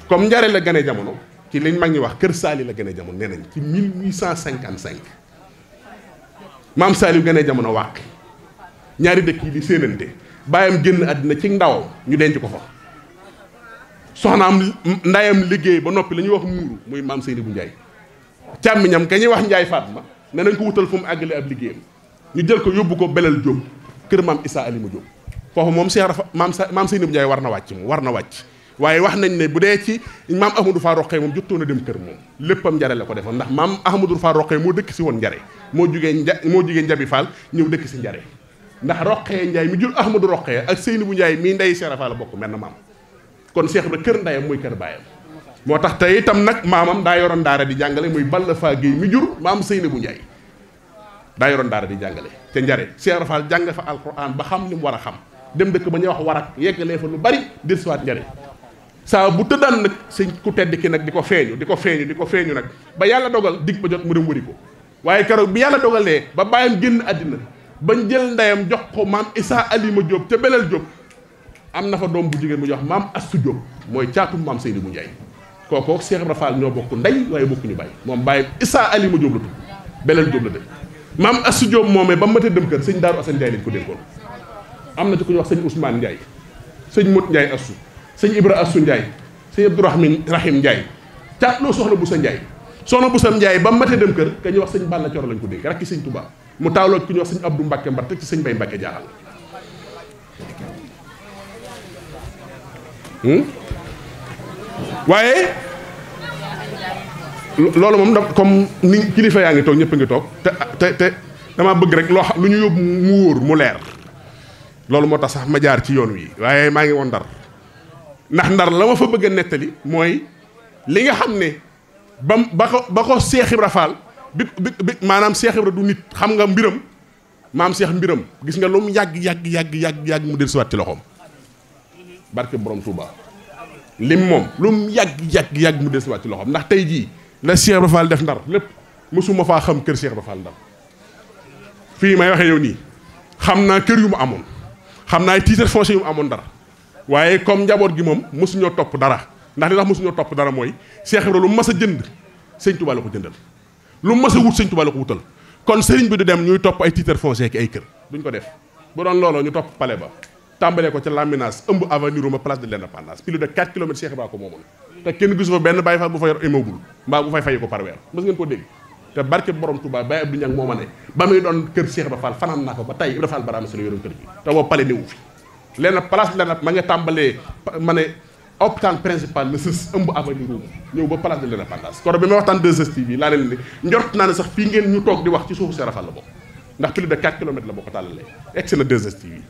comme njare la gane jamono ci liñ mag ñi wax kër Saali la gane jamono nee nañ ci 1855 maam Saali gane jamono wàq ñaari dëkk yi di séenante bàyyam génn àddina ci ndawam ñu denc ko fa soxnaam ndayam liggéey ba noppi la ñuy wax muuru muy maam Seyni bu Njaay càmmiñam ka ñuy wax Njaay faat ma nañ ko wutal fu mu àggale ab liggéeyam ñu jël ko yóbbu ko belal Jóob kër maam Issa Alima Jóob foofu moom Cheikh Rafa maam sa maam Seyni war na wàcc war na wàcc waaye wax nañ ne bu dee ci maam ahmadou faa roqee moom jottoon a dem kër moom léppam njare la ko defoon ndax maam ahmadou faa roqee moo dëkk si woon njare moo jugee nja moo jugee njabi faal ñëw dëkk si njare ndax roqee njaay mi jur ahmadou roqee ak seyni bu njaay mii ndey seera bokk mel na maam kon seex ibra kër ndayam muy kër baayam moo tax te itam nag maamam daa yoroon daara di jàngale muy balla faa géey mi jur maam seyni bu njaay daa yoroon daara di jàngale te njare seera faal jàng fa alquran ba xam li mu war a xam dem dëkk ba ñuy wax warak yeggalee fa lu bari dir siwaat saa bu tëddaan nag sëñ ku tedd ki nag di ko feeñu di ko feeñu di ko feeñu nag ba yàlla dogal digg ba jot mu dem wëri ko waaye keroog bi yàlla dogalee ba bàyyam génn àddina bañ jël ndeyam jox ko maam Isaa Alima jóob ca Belel Diop am na fa doom bu jigéen bu jox maam astu Diop mooy caatum maam Seydi bu Njaay kookoo Cheikh Ibra Fall ñoo bokk ndey waaye bokkuñu bàyyi moom bàyyi Isaa Alima Diop la tudd Belel Diop la dëkk maam Astou Diop moomee ba matee dem kër sëñ Daaru Asan Njaay lañ ko am na ci ku ñuy wax sëñ Ousmane Njaay sëñ Mot Njaay sëñ Ibra Assou Ndiaye sëñ Abdourahim Rahim Ndiaye loo soxla bu sa njaay soxna bu sa njaay ba matee dem kër ka ñuy wax sëñ Balla Coro lañ ko dégg rakki sëñ Touba mu taaloo ku ñu wax sëñ Abdou Mbacke Mbar teg ci Bay Mbacke jaaxal hmm? loolu moom da comme ni kilifa yaa ngi toog ñëpp a ngi toog te te te dama bëgg rek loo xam lu ñu yóbbu mu wóor mu leer loolu moo tax sax ma jaar ci yoon wii waaye maa ngi woon Ndar ndax ndar la ma fa bëgg nettali mooy li nga xam ne ba ba ko ba ko Seex Ibra Faal bi maanaam Seex radu du nit xam nga mbiram maam Seex mbiram gis nga lu mu yàgg yàgg yàgg yàgg yàgg mu dellusiwaat ci loxoom barke borom Touba lim moom lu mu yàgg yàgg yàgg mu dellusiwaat ci loxoom ndax tey jii la Seex Ibra def ndar lépp mësuma faa xam kër Seex Ibra ndar fii may waxee yow nii xam naa kër yu mu amoon xam naa titre foncier yu mu amoon ndar waaye comme njaboot gi moom mosuñoo topp dara ndax li tax mosuñoo topp dara mooy Cheikh Ibra lu mas a jënd sëñ Tuubaa la ko jëndal lu mas a wut sëñ Tuubaa la ko wutal kon sëriñ bi du dem ñuy topp ay titre foncier ki ay kër duñ ko def bu doon looloo ñu topp palais ba tàmbalee ko ca Lambinaas ëmb avenue Roma place de l'Indépendance plus de 4 kilomètres Cheikh Ibra ko moomoon te kenn gisu fa benn bàyyi fa bu fa yor immeuble mbaa bu fay fay ko par weer ba muy doon kër Cheikh Ibra Fall ko ba tey Ibra Fall Barama Sall yoroon fi lenn place Lenab ma nga tàmbalee ma ne hôpital principal la sës ëmb avenue Roume ñëw ba place de l'indépendance koro bi may waxtaan 2STV bi laa leen ne njort naa ne sax fii ngeen ñu toog di wax ci suufu Serafal la bokk ndax plus de 4 kilomètres la boo ko tàllalee egg si na 2STV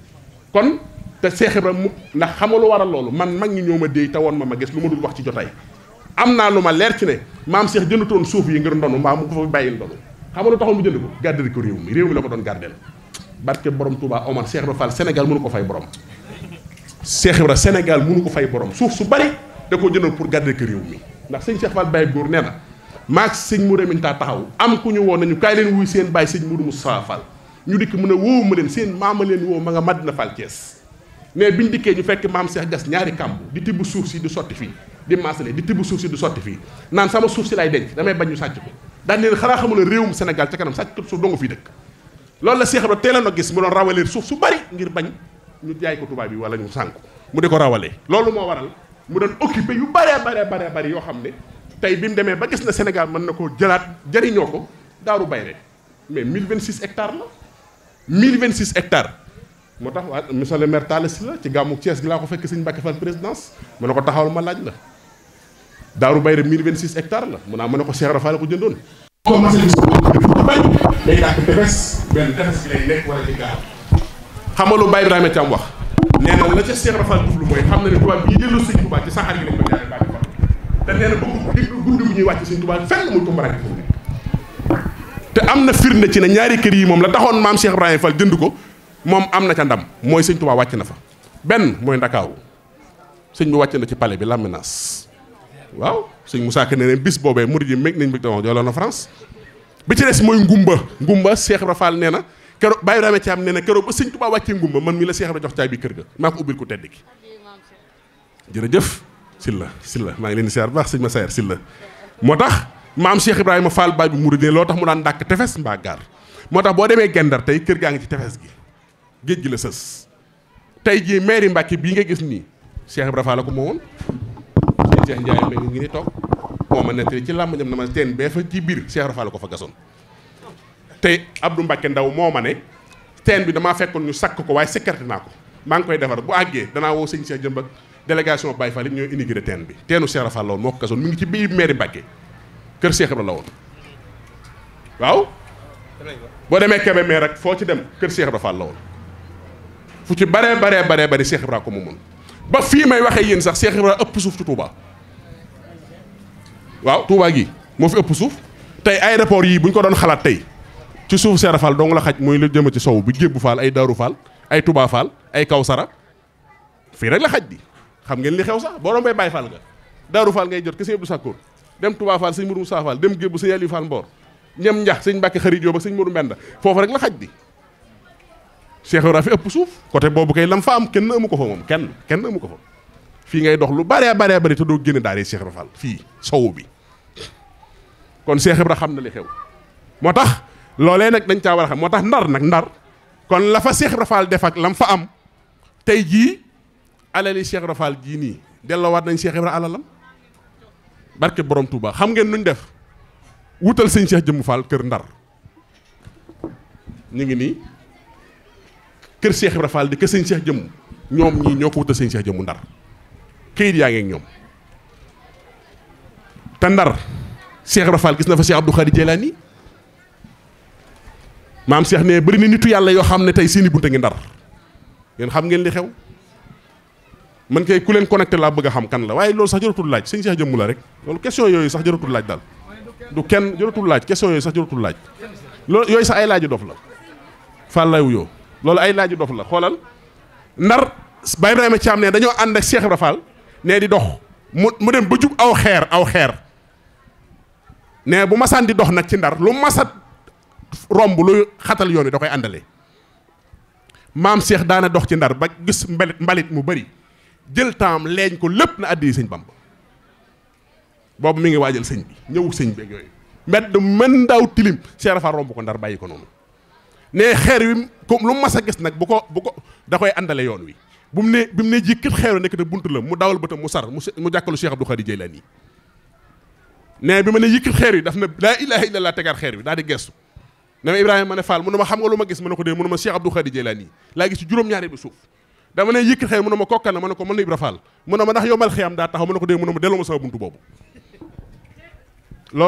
kon te Cheikh Ibrahima mu ndax xamalu waral loolu man mag ñi ñëw ma déy te woon ma ma gis lu ma dul wax ci jotaay am naa lu ma leer ci ne maam Cheikh jëndatoon suuf yi ngir ndonu mbaa mu ko fa bàyyil ndonu xamalu taxoon mu jënd ko gardé ko réew mi réew ko doon gardé barke borom Touba Omar Cheikh Ibrahima Fall Sénégal ko fay borom Cheikh Ibra Sénégal mënu ko fay borom suuf su bari da koo jëndoon pour garder ko réew mi ndax sëñ Cheikh Fall Baye Góor nee na maag sëñ Mourou Aminta taxaw am ku ñu woo nañu kaay leen wuy seen baay sëñ Mourou Moussa Fall ñu dikk mën a woowu ma leen seen maama leen woow ma nga Madina Fall Thiès mais biñ dikkee ñu fekk maam Cheikh gas ñaari kàmb di tibb suuf si di sotti fii di maasale di tibb suuf si di sotti fii naan sama suuf si lay denc damay bañ ñu sàcc ko daan leen xanaa xamul réewum Sénégal ca kanam sàcc ko suuf donga fii dëkk loolu la Cheikh Ibra teeloon a gis mu doon rawaleer suuf su bari ngir bañ ñu jaay ko tubaab bi wala ñu sànk mu de ko rawale loolu moo waral mu doon occupé yu baree baree baree bëri yoo xam ne tey bi mu demee ba gis na Sénégal mën na koo jëlaat jëriñoo ko daaru bay rek mais 1026 hectares la 1026 hectares moo tax waa monsieur le maire Talla Sylla ci gàmmu Thiès gi laa ko fekk sëñ Mbacke Fall présidence mu ne ko taxawal ma laaj la daaru bay rek 1026 hectares la mun naa mu ne ko Cheikh Rafa la ko jëndoon. ko day dàq tefes xam nga lu Baye Ibrahima wax nee la ca Cheikh Rafal jublu mooy xam na ne tubaab yi ñuy wàcc sëñ Tuubaa fenn mu tumbarake fu mu te am na firnde ci ne ñaari kër yi moom la taxoon maam Cheikh Ibrahima Fall jënd ko moom am na ca ndam mooy sëñ Tuubaa wàcc na fa benn mooy Ndakaaru sëñ bi wàcc na ci pale bi la menace waaw sëñ Moussa Ka ne leen bis boobee mu yi meg nañ mbig ta wax na France bi ci des mooy ngumba ngumba Cheikh Rafal nee na keroog Baye Ibrahima Thiam nee na keroog ba sëñ Tuubaa wàccee ngumba man mi la Seex Ibra jox caabi kër ga maa ko ubbil ko tedd ki jërëjëf silla silla maa ngi leen di siyaar baax sëñ ma sayer silla moo tax maam Cheikh Ibrahima faal baay bu murid loo tax mu daan dàkk tefes mbaa gaar moo tax boo demee Gendar tey kër gaa ngi ci tefes gi géej gi la sës tey jii mairie Mbàkke bii nga gis nii Cheikh Ibrahima Fall la ko moomoon Cheikh Ndiaye ma ngi ni too moo ma nettali ci làmb ñam na ma teen bee fa ci biir Cheikh ko fa gasoon tey Abdou Mbacke Ndaw moo ma ne teen bi damaa fekkoon ñu sakk ko waaye sécurité naa ko maa ngi koy defar bu àggee danaa woo sëñ Cheikh Jëmb ak délégation Baye Fall ñoo inauguré teen bi teenu Cheikh Rafal la woon moo ko kasoon mi ngi ci biir mairie Mbacke kër Cheikh Ibra la woon boo demee Kébémer rek foo ci dem kër Cheikh Ibra Fall fu ci baree baree baree bari Cheikh Ibra ko moomoon ba fii may waxee yéen sax Cheikh Ibra ëpp suuf ci Touba waaw Touba gi moo fi ëpp suuf tey aéroport yii bu ñu ko doon xalaat tey ci suuf Seera Fall dong la xaj muy lu jëm ci sow bi Jébbu Fall ay Daaru Fall ay Touba Fall ay Kawsara fii rek la xaj bi xam ngeen li xew sax boo rombee Baye Fall nga Daaru fal ngay jot kese yëpp du sàkkoor dem Touba Fall sëñ Mourou Moussa Fall dem Jébbu sëñ Aliou Fall Mboor ñem njax sëñ Mbàkke xarit Jóob ak sëñ Mourou Mbenda foofu rek la xaj bi Cheikh Ibra fi ëpp suuf côté boobu kay lam fa am kenn amu ko fa moom kenn kenn amu ko fa fii ngay dox lu bare bare bari te doo génne daara Cheikh Ibra Fall fii sow bi kon Cheikh Ibra xam na li xew loolee nag dañ caa war a xam moo tax ndar nag ndar kon la fa Cheikh Ibra Fall def ak lam fa am tey jii yi Cheikh Ibra Fall jii nii delloowaat nañ Cheikh Ibra alalam barke borom Touba xam ngeen nuñ def wutal sëñ Cheikh Jëmmu Fall kër ndar ñu ngi nii kër Cheikh Ibra Fall di kër sëñ Cheikh Jëmmu ñoom ñii ñoo ko wutal sëñ Cheikh Jëmmu ndar këyit yaa ngeeg ñoom te ndar Cheikh Ibra Fall gis na fa Cheikh Abdou laa Jelaani maam Cheikh ne bëri na nitu yàlla yoo xam ne tey seeni bunta ngi ndar yéen xam ngeen li xew man kay ku leen connecté laa bëgg a xam kan la waaye loolu sax jaratul laaj sëñ Cheikh jëmm la rek loolu question yooyu sax jaratul laaj daal du kenn jaratul laaj question yooyu sax jaratul laaj loolu yooyu sax ay laaju dof la fàllay loolu ay laaju dof la xoolal ndar Baye Ibrahima Thiam nee dañoo ànd ak seex Ibra Fall ne di dox mu mu dem ba jub aw xeer aw xeer ne bu masaan di dox nag ci ndar lu masat romb luy xatal yoon wi da koy àndale maam Cheikh daana dox ci ndar ba gis mbalit mbalit mu bari jël taam leeñ ko lépp na àddi sëñ Bamba boobu mu ngi waajal sëñ bi ñëw sëñ bi ak yooyu mbedd mën daaw tilim Cheikh Rafa romb ko ndar bàyyi ko noonu nee xeer wi comme lu mas a gis nag bu ko bu ko da koy àndale yoon wi bu mu ne bu mu ne jikkit xeer wi nekk te buntu la mu dawal bëtam mu sar mu mu jàkkalu Cheikh Abdou Khadre Jeylaani ne bi ma ne yëkkit xeer wi daf na laa ilaaha illallaah tegaat xeer wi daal di gestu ne ma Ibrahima ma ne Fall mu ne ma xam nga lu ma gis mu ne ko dee mu ne ma Cheikh Abdou Khadi Jilani laa gis ci juróom-ñaari bi suuf dama ne yëkkat xëy mu ne ma kokkan na ma ne ko mën na Ibra ma ndax yow mal xiyam daa ne ko dee mu ne ma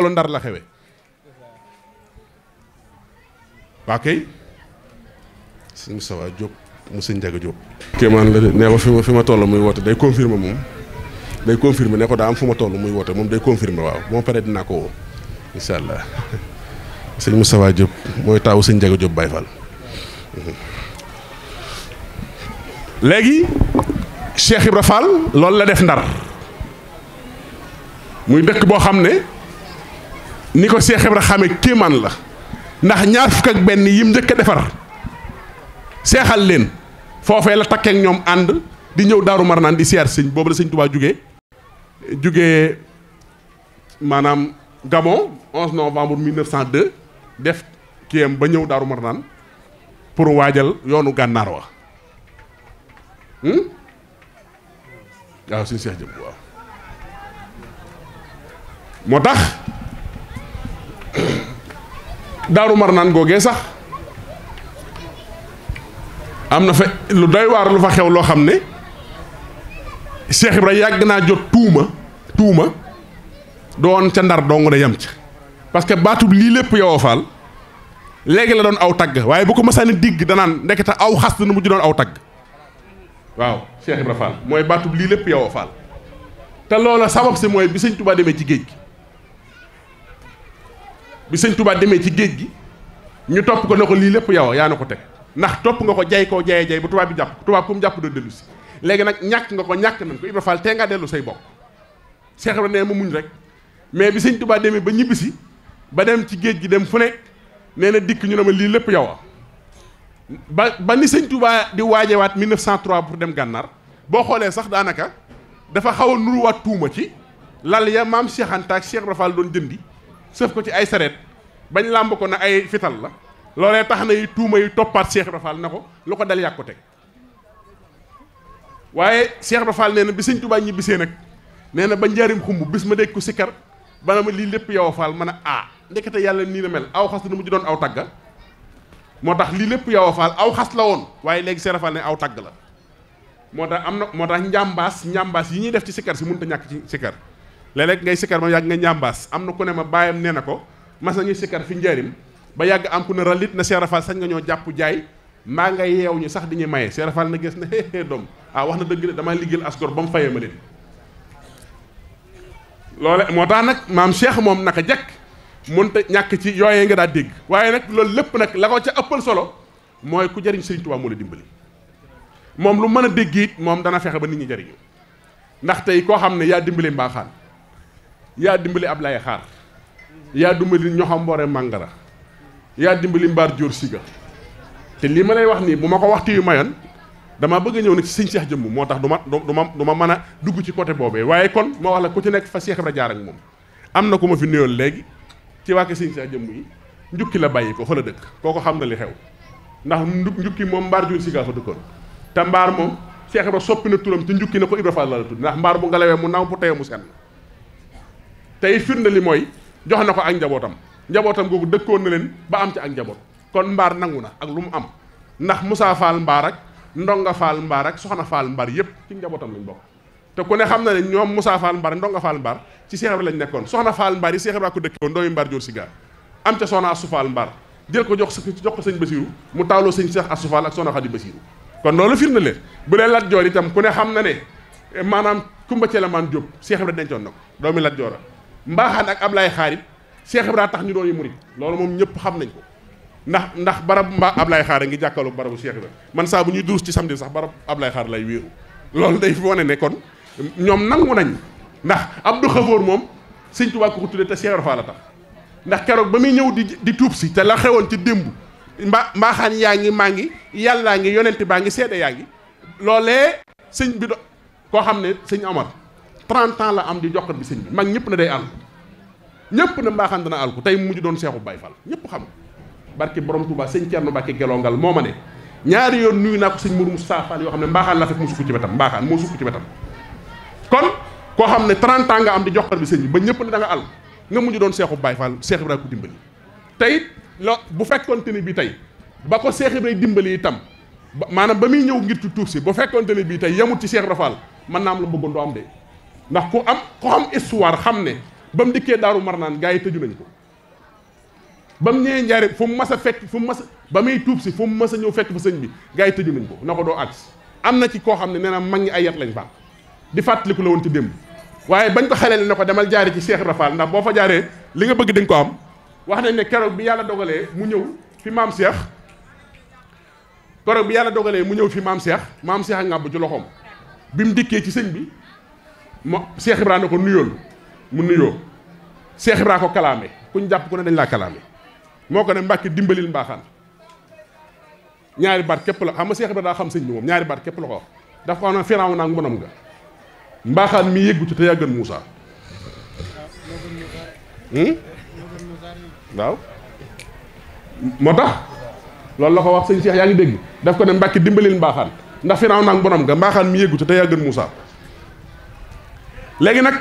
ndar la xewe waa kay mu sëñ Njaga Diop kéemaan la de nee ma ma fi muy woote day confirmer moom day confirmer ne ko daa am fu ma toll muy woote moom day confirmer waaw moo pare dinaa ko woo sëñ Moustapha Diop mooy taawu sëñ Ndiaga Diop Baye Fall. léegi Cheikh Ibra Fall loolu la def ndar muy dëkk boo xam ne ni ko Cheikh Ibra xame kéemaan la ndax ñaar fukk ak benn yim njëkk a defar seexal leen foofee la takkee ñoom ànd di ñëw daaru mar naan di siyaar sëñ boobu la sëñ Tuubaa jóge jugee maanaam Gabon 11 novembre 1902 def kiyam ba ñëw daaru marnaan pour waajal yoonu gànnaar wa hmm? waaw suñu seex jëm waaw moo tax daaru marnaan googee sax am na fa lu doy waar lu fa xew loo xam ne Cheikh Ibra yàgg naa jot tuuma tuuma doon ca ndar dong na yem ca parce que baatub lii lépp yow faal léegi la doon aw tagg waaye bu ko mësaan digg danaan ndekete aw xas dana mujj doon aw tagg waaw Cheikh Ibra Fall mooy baatub lii lépp yow faal te loola sabab si mooy bi sëñ Touba demee ci géej gi bi sëñ Touba demee ci géej gi ñu topp ko ne ko lii lépp yow yaa na ko teg ndax topp nga ko jay koo jaye jay ba tubaab bi jàpp tubaab ku jàpp doo dellu si léegi nag ñàkk nga ko ñàkk nañ ko Ibra Fall tee nga dellu say bokk Cheikh Ibra nee ma muñ rek mais bi sëñ Touba demee ba ñibbisi ba dem ci géej gi dem fu ne nee na dikk ñu ne ma lii lépp yow ba ba ni sëñ Touba di waajewaat 1903 pour dem gànnaar boo xoolee sax daanaka dafa xaw a nuruwaat tuuma ci lal ya maam Cheikh Anta ak Cheikh doon jëndi sëf ko ci ay sareet bañ làmb ko na ay fital la loolee tax na yi tuuma yi toppaat Cheikh Rafal na ko lu ko dal yàq ko teg waaye ba Rafal nee na bi sëñ Touba ñibbisee nag nee na ba njaarim xumb bis ma dégg ko sikkar bana ma lii lépp yow a faal mën a ah, ndekete yàlla nii la mel aw xas dina mujj doon aw tagga moo tax lii lépp yow aw xas la woon waaye léegi seera faal ne aw tàgg la moo tax am na moo tax njàmbaas njàmbaas yi ñuy def ci sikkar si mënut a ñàkk ci sikkar léeg-léeg ngay sikkar ma yàgg nga njàmbaas am na ku ne ma bàyyam ne na ko mas nañuy sikkar fi njëriñ ba yàgg am ku ne ralit na seera faal sañ nga ñoo jàpp jaay mbaa nga yeew ñu sax di ñu maye seera na gis ne hee doom ah wax na dëgg de damaa liggéeyal asgor ba mu fayee ma moo tax nag maam Cheikh moom naka jekk mënta ñàkk ci yooyee nga daa dégg waaye nag loolu lépp nag la ko ca ëppal solo mooy ku jariñ Sëriñ Tuubaa moo la dimbali moom lu mën a dégg moom dana fexe ba nit ñi jariñu ndax tey koo xam ne yaa dimbali mbaaxaan yaa dimbali Ablaye Xaar yaa dimbali ñoxam Mboré Mangara yaa dimbali Mbaar Dior Siga te lii ma lay wax nii bu ma ko waxtu yu mayoon dama bëgg ñëw nag ci sëñ Seex jëmm moo tax du ma du ma du ma mën a dugg ci côté boobee waaye kon moo wax la ku ci nekk fa Seex Ibra jaar moom am na ku ma fi nuyoon léegi. ci waa kër Serigne Cheikh jëmm yi njukki la bàyyi ko fa la dëkk kooko xam na li xew ndax njukki moom mbaar jun siga fa dëkkoon te mbaar moom Cheikh Ibra soppi na turam ci njukki na ko Ibra Fall la tudd ndax mbaar bu ngelawee mu naaw bu teye mu senn tey firnde li mooy jox na ko ak njabootam njabootam googu dëkkoon na leen ba am ci ak njaboot kon mbaar nangu na ak lu mu am ndax Moussa Fall mbaar ak Ndonga Fall mbaar ak Soxna Fall mbaar yépp ci njabootam lañ bokk te ku ne xam na ne ñoom Moussa Fall Mbar Ndonga Fall Mbar ci Cheikh Ibrahima nekkoon soxna Fall Mbar yi Cheikh Ibrahima ko dëkkoon doomi Mbar Dior Siga am ca soxna Assou Fall Mbar jël ko jox jox ko sëñ Basiru mu taaloo sëñ Cheikh ak soxna Xadi Basiru kon loolu firnde leen bu dee Lat Joor itam ku ne xam na ne eh, maanaam Kumba Cele Maan Jóob Cheikh Ibrahima dencoon na ko doomi Lat Joor mbaaxaan ak Ablaye Xaarit Cheikh Ibrahima tax ñu doon yi murit loolu moom ñëpp xam nañ ko ndax ndax barab mbaa Ablaye Xaar ngi jàkkaarloog barabu Cheikh Ibrahima man saa bu ñuy durus ci samedi sax barab Ablaye Xaar lay wéeru loolu day wane ne ñoom nangu nañ ndax am Abdou Khafour moom sëñ Tuubaa ko ko tuddee te Cheikh Rafa la tax ndax keroog ba muy ñëw di di tuub si te la xewoon ci démb mba mbaaxaan yaa ngi maa ngi yàllaa ngi yonent baa ngi seede yaa ngi loolee sëñ bi do koo xam ne sëñ Omar 30 ans la am di joxat bi sëñ bi mag ñëpp na day àll ñëpp na mbaaxaan dana àll ko tey mujj doon seexu Baay Fall ñëpp xam barki borom Touba sëñ Thierno Mbacke gelongal moo ma ne ñaari yoon nuyu naa ko sëñ Mourou Moustapha Fall yoo xam kon koo xam ne 30 ans nga am di jox bi sëñ bi ba ñëpp ne da nga àll nga mujj doon seexu Baay Faal Seex Ibra ko dimbali tey la bu fekkonte ni bi tey ba ko Seex Ibra dimbali itam maanaam ba muy ñëw ngir ci tuub si bu fekkonte ni bii tey yemut ci Seex Ibra Faal mën naa am lu bëggoon doo am ndax ku am ku xam histoire xam ne ba mu dikkee daaru mar naan gars yi tëju nañ ko ba mu ñëwee njaare mu mas a fekk fu mu mas a ba muy tuub si fu mu mas a ñëw fekk fa sëñ bi gars yi tëju nañ ko na ko doo àgg am na ci koo xam ne nee na mag ñi ay yat lañ fa di fàttaliku la woon ci démb waaye bañ ko xelal ne ko demal jaare ci Cheikh Ibra Fall ndax boo fa jaaree li nga bëgg di ko am wax nañ ne keroog bi yàlla dogalee mu ñëw fi maam Cheikh keroog bi yàlla dogalee mu ñëw fi maam Cheikh maam Cheikh a ngàbb ci loxoom bi mu dikkee ci sëñ bi mo Cheikh Ibra na ko nuyool mu nuyoo Cheikh ko kalaame kuñ jàpp ku ne dañ laa kalaame moo ko ne Mbàkke dimbalil mbaaxaan ñaari baat képp la xam nga Cheikh Ibra daa xam sëñ bi moom ñaari baat képp la ko daf ko am na firaw naag mbaaxaan mi yégu ci te yaa gën Moussa hmm? waaw moo tax loolu la ko wax sëñ Cheikh yaa ngi dégg def ko ne Mbàkke dimbalil mbaaxaan ndax firaaw naa bonam nga mbaaxaan mi yëggu ci te yaa gën Moussa léegi nag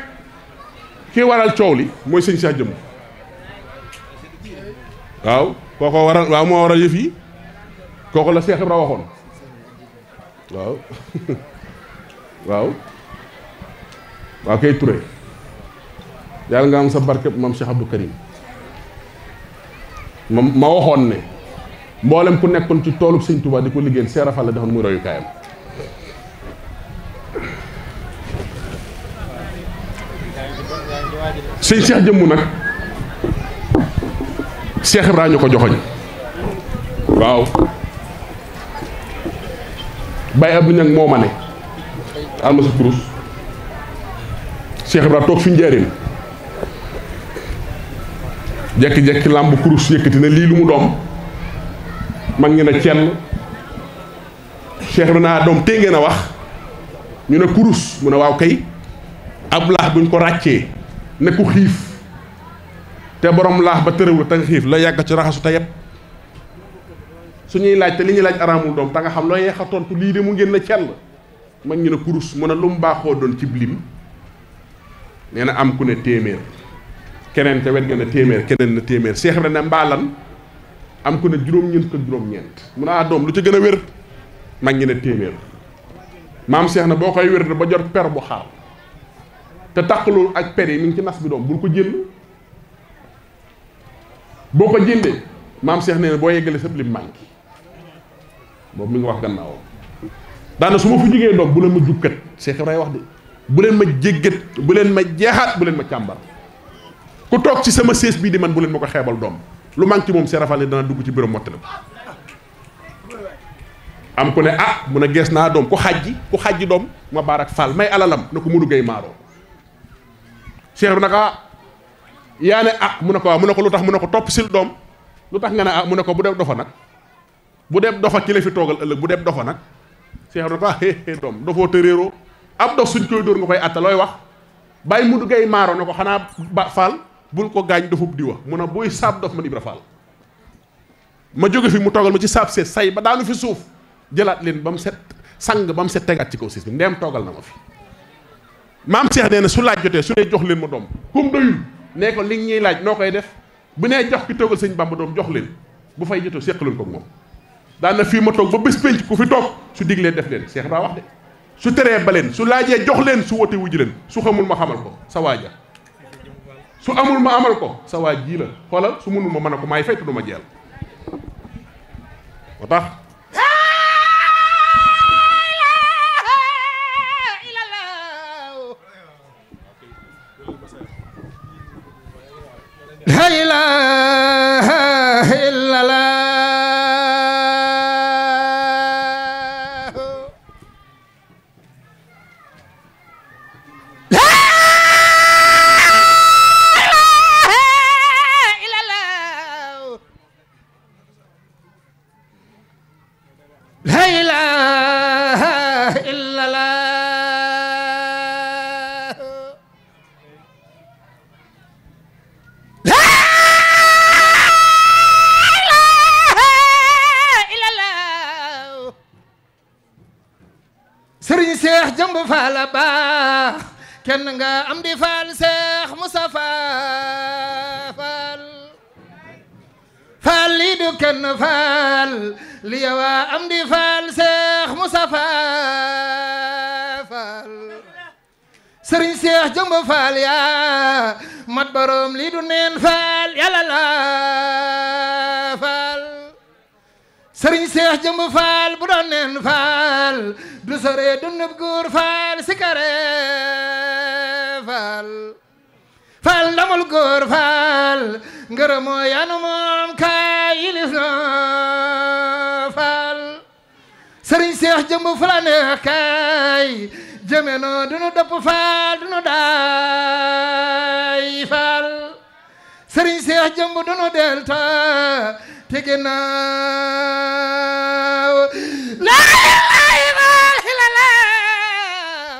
kii waral coow li mooy sëñ Cheikh jëmm waaw kooko waral waaw moo waral yëf yi kooku la Cheikh Ibra waxoon waaw waaw waaw kay Touré yàlla nga am sa barkeb moom Cheikh Abdou Karim moom ma waxoon ne mboolem ku nekkoon ci toolu Sëñ Tuubaa di ko liggéeyal Seera Fall la defoon muy royukaayam sëñ Cheikh jëmm nag Cheikh Ibrahima ko joxoñ waaw Baye Abdou Niang moo ma ne almasa kurus Cheikh Ibrahima toog fi njëriñ jekki-jekki làmb kurus yëkkati na lii lu mu doom mag ñi ne cell Cheikh bi naa ah, doom téye a wax ñu ne kurus mu ne waaw kay ab laax buñ ko ràccee ne xiif te borom laax ba tërëwul te nga xiif la yàgg ci raxasu te yépp su ñuy laaj te li ñuy laaj araamul doom te nga xam loo yeexa tontu lii de mu ngeen a cell mag ñu ne kurus mu ne lu mu baaxoo doon ci blim nee na am ku ne téeméer keneen ca wet nga ne téeméer keneen na téeméer Cheikh Ibrahima ne mbaalan am ku ne juróom-ñeent ko juróom-ñeent mun a ah, doom lu ci gën a wér mag ñi téeméer maam seex na boo koy wér ba jot per bu xaar te taqalul ak per yi mi ngi ci nas bi doom bul ko jënd boo ko jëndee maam seex nee boo yeggalee sëb lim manqué boobu mi ngi wax gannaaw daana su ma fu jugee doom bu la ma jubkat Cheikh Ibrahima wax de bu leen ma jéggat bu leen ma jeexaat bu leen ma càmbar ku toog ci sama sées bii di man bu leen ma ko xeebal doom lu manqué moom Serigne Fall ne dana dugg ci bureau mottali am ku ne ah mun a gees naa doom ku xajji ku xajji doom ma baar ak Fall may alalam na ko Modou Gueye maaroo Cheikh bi nag ah yaa ne ah mu ne ko waaw ah, mu ne ko lu tax mun ne ko topp sil doom lu tax nga ne ah mu ne ko bu def dofa nag bu def dofa ki la fi toogal ëllëg bu def dofa nag Cheikh bi nag ah doom dofoo tëréeroo ab dox suñ koy dóor nga koy atta looy wax bàyyi mu gay maaro na ko xanaa ba faal bul ko gaañ dofub di wax mun a booy saab dof man Ibra Faal ma jóge fi mu toogal ma ci saab seet say ba daanu fi suuf jëlaat leen ba mu set sang ba mu set tegaat ci kaw siis bi ndeem toogal na ma fi maam Cheikh nee na su laaj jotee su dee jox leen ma doom kum doyul nee ko li ñuy laaj noo koy def bu nee jox ki toogal sëñ Bamba doom jox leen bu fay jotee séqaloon ko moom daan na fii ma toog ba bés penc fi toog su diglee def leen Cheikh daa wax su teree ba leen su laajee jox leen su wote wuj leen su xamul ma xamal ko sa waaja su amul ma amal ko sa waaj jii la xoolal su mënul ma mën a ko may fay te du ma jeel la li yowaa am di faal seex Mustafa faal sëriñ seex jëmb faal yaa mat boroom lii du neen faal yàlla la faal sëriñ seex jëmb faal bu doon neen faal du sore du nëb góor faal sikare faal faal ndamul góor faal ngërëmoo yanu moom kaa noon sëriñ seex jëmb fu la neex kaay dëpp faal du daay faal sëriñ seex jëmb du nu delta te ginnaaw laa ilaaha illallaah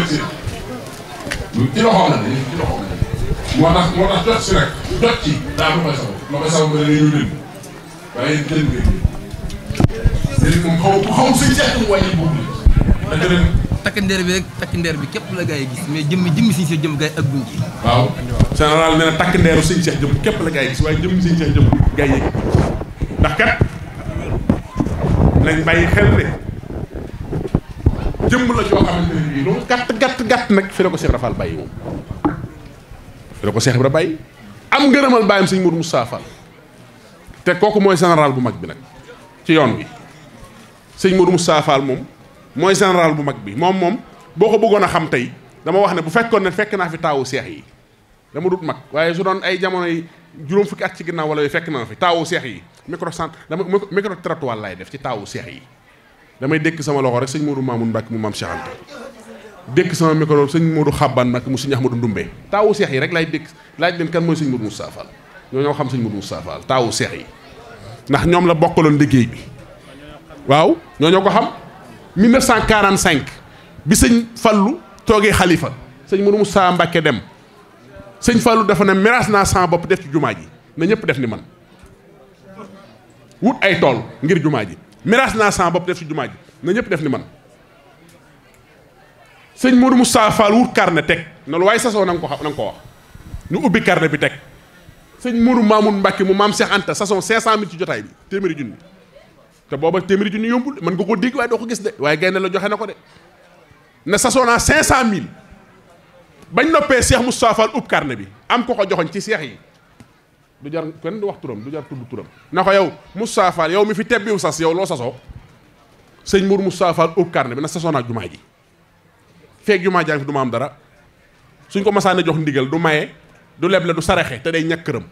ci loxo la ne ci loxo moo tax moo tax jot si rek jot ci daa lu koy saw lu koy saw nga ne ñu dënn waaye dënn léegi moom takk bi képp la gaa yi mais jëmmi jëmmi suñu jëm gaa yi agguñ ci. waaw général nee na ndeeru suñu seex jëm képp la gaa yi gis waaye jëmmi suñu seex jëm gaa yi ndax kat nañ bàyyi xel ne jëmm la joo xamante ne bii gàtt gàtt nag fi la ko Cheikh Rafal bàyyi moom fi la ko Cheikh Ibra bàyyi am ngërëmal bàyyam sëñ Modou Moustapha Fall te kooku mooy général bu mag bi nag ci yoon bi sëñ Modou Moustapha Fall moom mooy général bu mag bi moom moom boo ko bëggoon a xam tey dama wax ne bu fekkoon ne fekk naa fi taawu seex yi dama mag waaye su ay jamono juróom fukki at ci ginnaaw wala yooyu fekk na fi taawu seex yi micro centre dama micro trottoir laay def ci taawu seex yi damay dékk sama loxo rek sëñ Modou Mamoun Mbacke mu maam Cheikh Anta dékk sama micro sëñ Modou Xabban Mbacke mu sëñ Ahmadou Ndumbe taawu seex yi rek laay dékk laaj leen kan mooy sëñ Modou Moustapha Fall ñoo ñoo xam sëñ Modou Moustapha Fall taawu seex yi ndax ñoom la bokkaloon liggéey bi waaw ñoo ñoo ko xam 1945 bi sëñ Fallu toogee xalifa sëñ Mourou saa Mbacke dem sëñ Fallu dafa ne miraas naa sama bopp def ci jumaa ji na ñëpp def ni man wut ay tool ngir jumaa ji miraas naa sama bopp def ci jumaa ji ñëpp def ni man sëñ Mourou saa Fall wut carnet teg na lu waaye sasoo na nga ko xam na nga ko wax ñu ubbi carnet bi teg sëñ Mourou Mamoun Mbacke mu maam Cheikh Anta sasoo 500000 ci jotaay bi téeméeri junni. te booba téeméeri junni yombul mën man koo dégg waaye doo ko gis de waaye gaynde la joxe na ko de ne sasoonaa cinq cent mille bañ noppee seex Moustapha Fall ub carnet bi am ko ko joxoñ ci seex yi du jar kenn du wax turam du jar tudd turam na ko yow Moustapha Fall yow mi fi tebbiw sas yow loo sasoo sëñ Mour Moustapha Fall ub carnet bi na sasoonaa jumaa ji feeg jumaa jaa ngi fi du ma am dara suñ ko masaane jox ndigal du maye du leble du saraxe te day ñàkk këram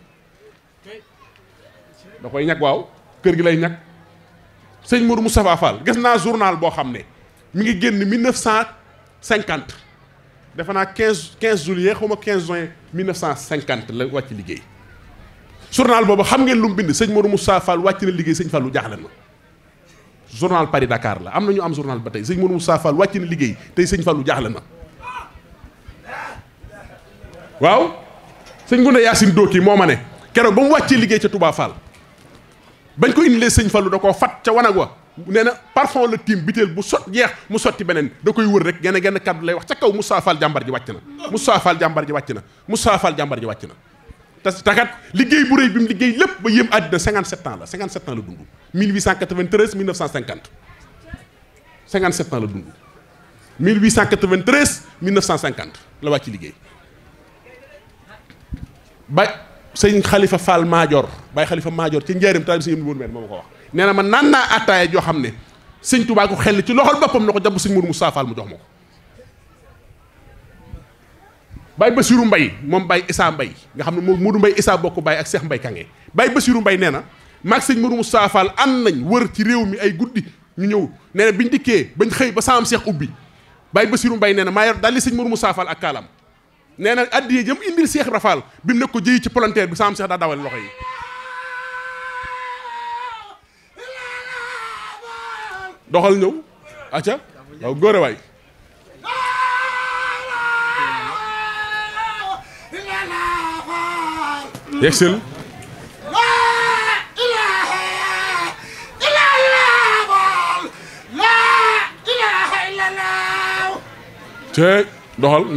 da koy waaw kër gi lay ñàkk sëñ mu Moustapha Fall gis naa journal boo xam ne mi ngi génn mille neuf cent cinquante defe naa quinze quinze juillet xaw ma quinze juin mille neuf cent cinquante la wàcc liggéey journal boobu xam ngeen lu mu bind sëñ Modou Moustapha Fall wàcc na liggéey sëñ lu jaaxle na journal Paris Dakar la am na ñu am journal ba tey sëñ Modou Moustapha Fall wàcc na liggéey tey sëñ Fallou jaaxle na waaw sëñ Gunda Yacine Doki moo ma ne keroog ba mu wàccee liggéey ca Touba bañ ko indilee sëñ Fallou da koo fat ca wanag wa nee na parfum la tiim biteel bu sot jeex mu sotti beneen da koy wër rek genn genn kàddu lay wax ca kaw Moussa Fall jàmbar ji wàcc na Moussa Fall jàmbar ji wàcc na Moussa Fall jàmbar ji wàcc na te takat liggéey bu rëy bi mu liggéey lépp ba yëm àddina 57 ans la 57 ans la dund 1893 1950 57 ans la dund 1893 1950 la wàcc liggéey sëñ xalifa Fall Maajoor Baye xalifa Maajoor ci njëriñ taal bi sëñ Mourou Mbène ma ko wax nee na ma naan naa attaaya joo xam ne sëñ Tuubaa ko xel ci loxol boppam na ko jàpp sëñ Mourou Moussa mu jox ma ko. Baye Bassirou mbay moom Baye Issa Mbaye nga xam ne moom Modou Mbaye Issa bokk Baye ak Cheikh Mbaye Kange Baye Bassirou Mbaye nee na maag sëñ Mourou Moussa am ànd nañ wër ci réew mi ay guddi ñu ñëw nee na biñ dikkee bañ xëy ba saam Cheikh ubbi Baye Bassirou Mbaye nee na maa yor daal li sëñ Mourou Moussa ak kaalam nee na addiye jëm indil Seex Ibra Faal bi mu nekk ci palanteer bi saam Seex daa dawal loxo yi doxal ñëw acca doxal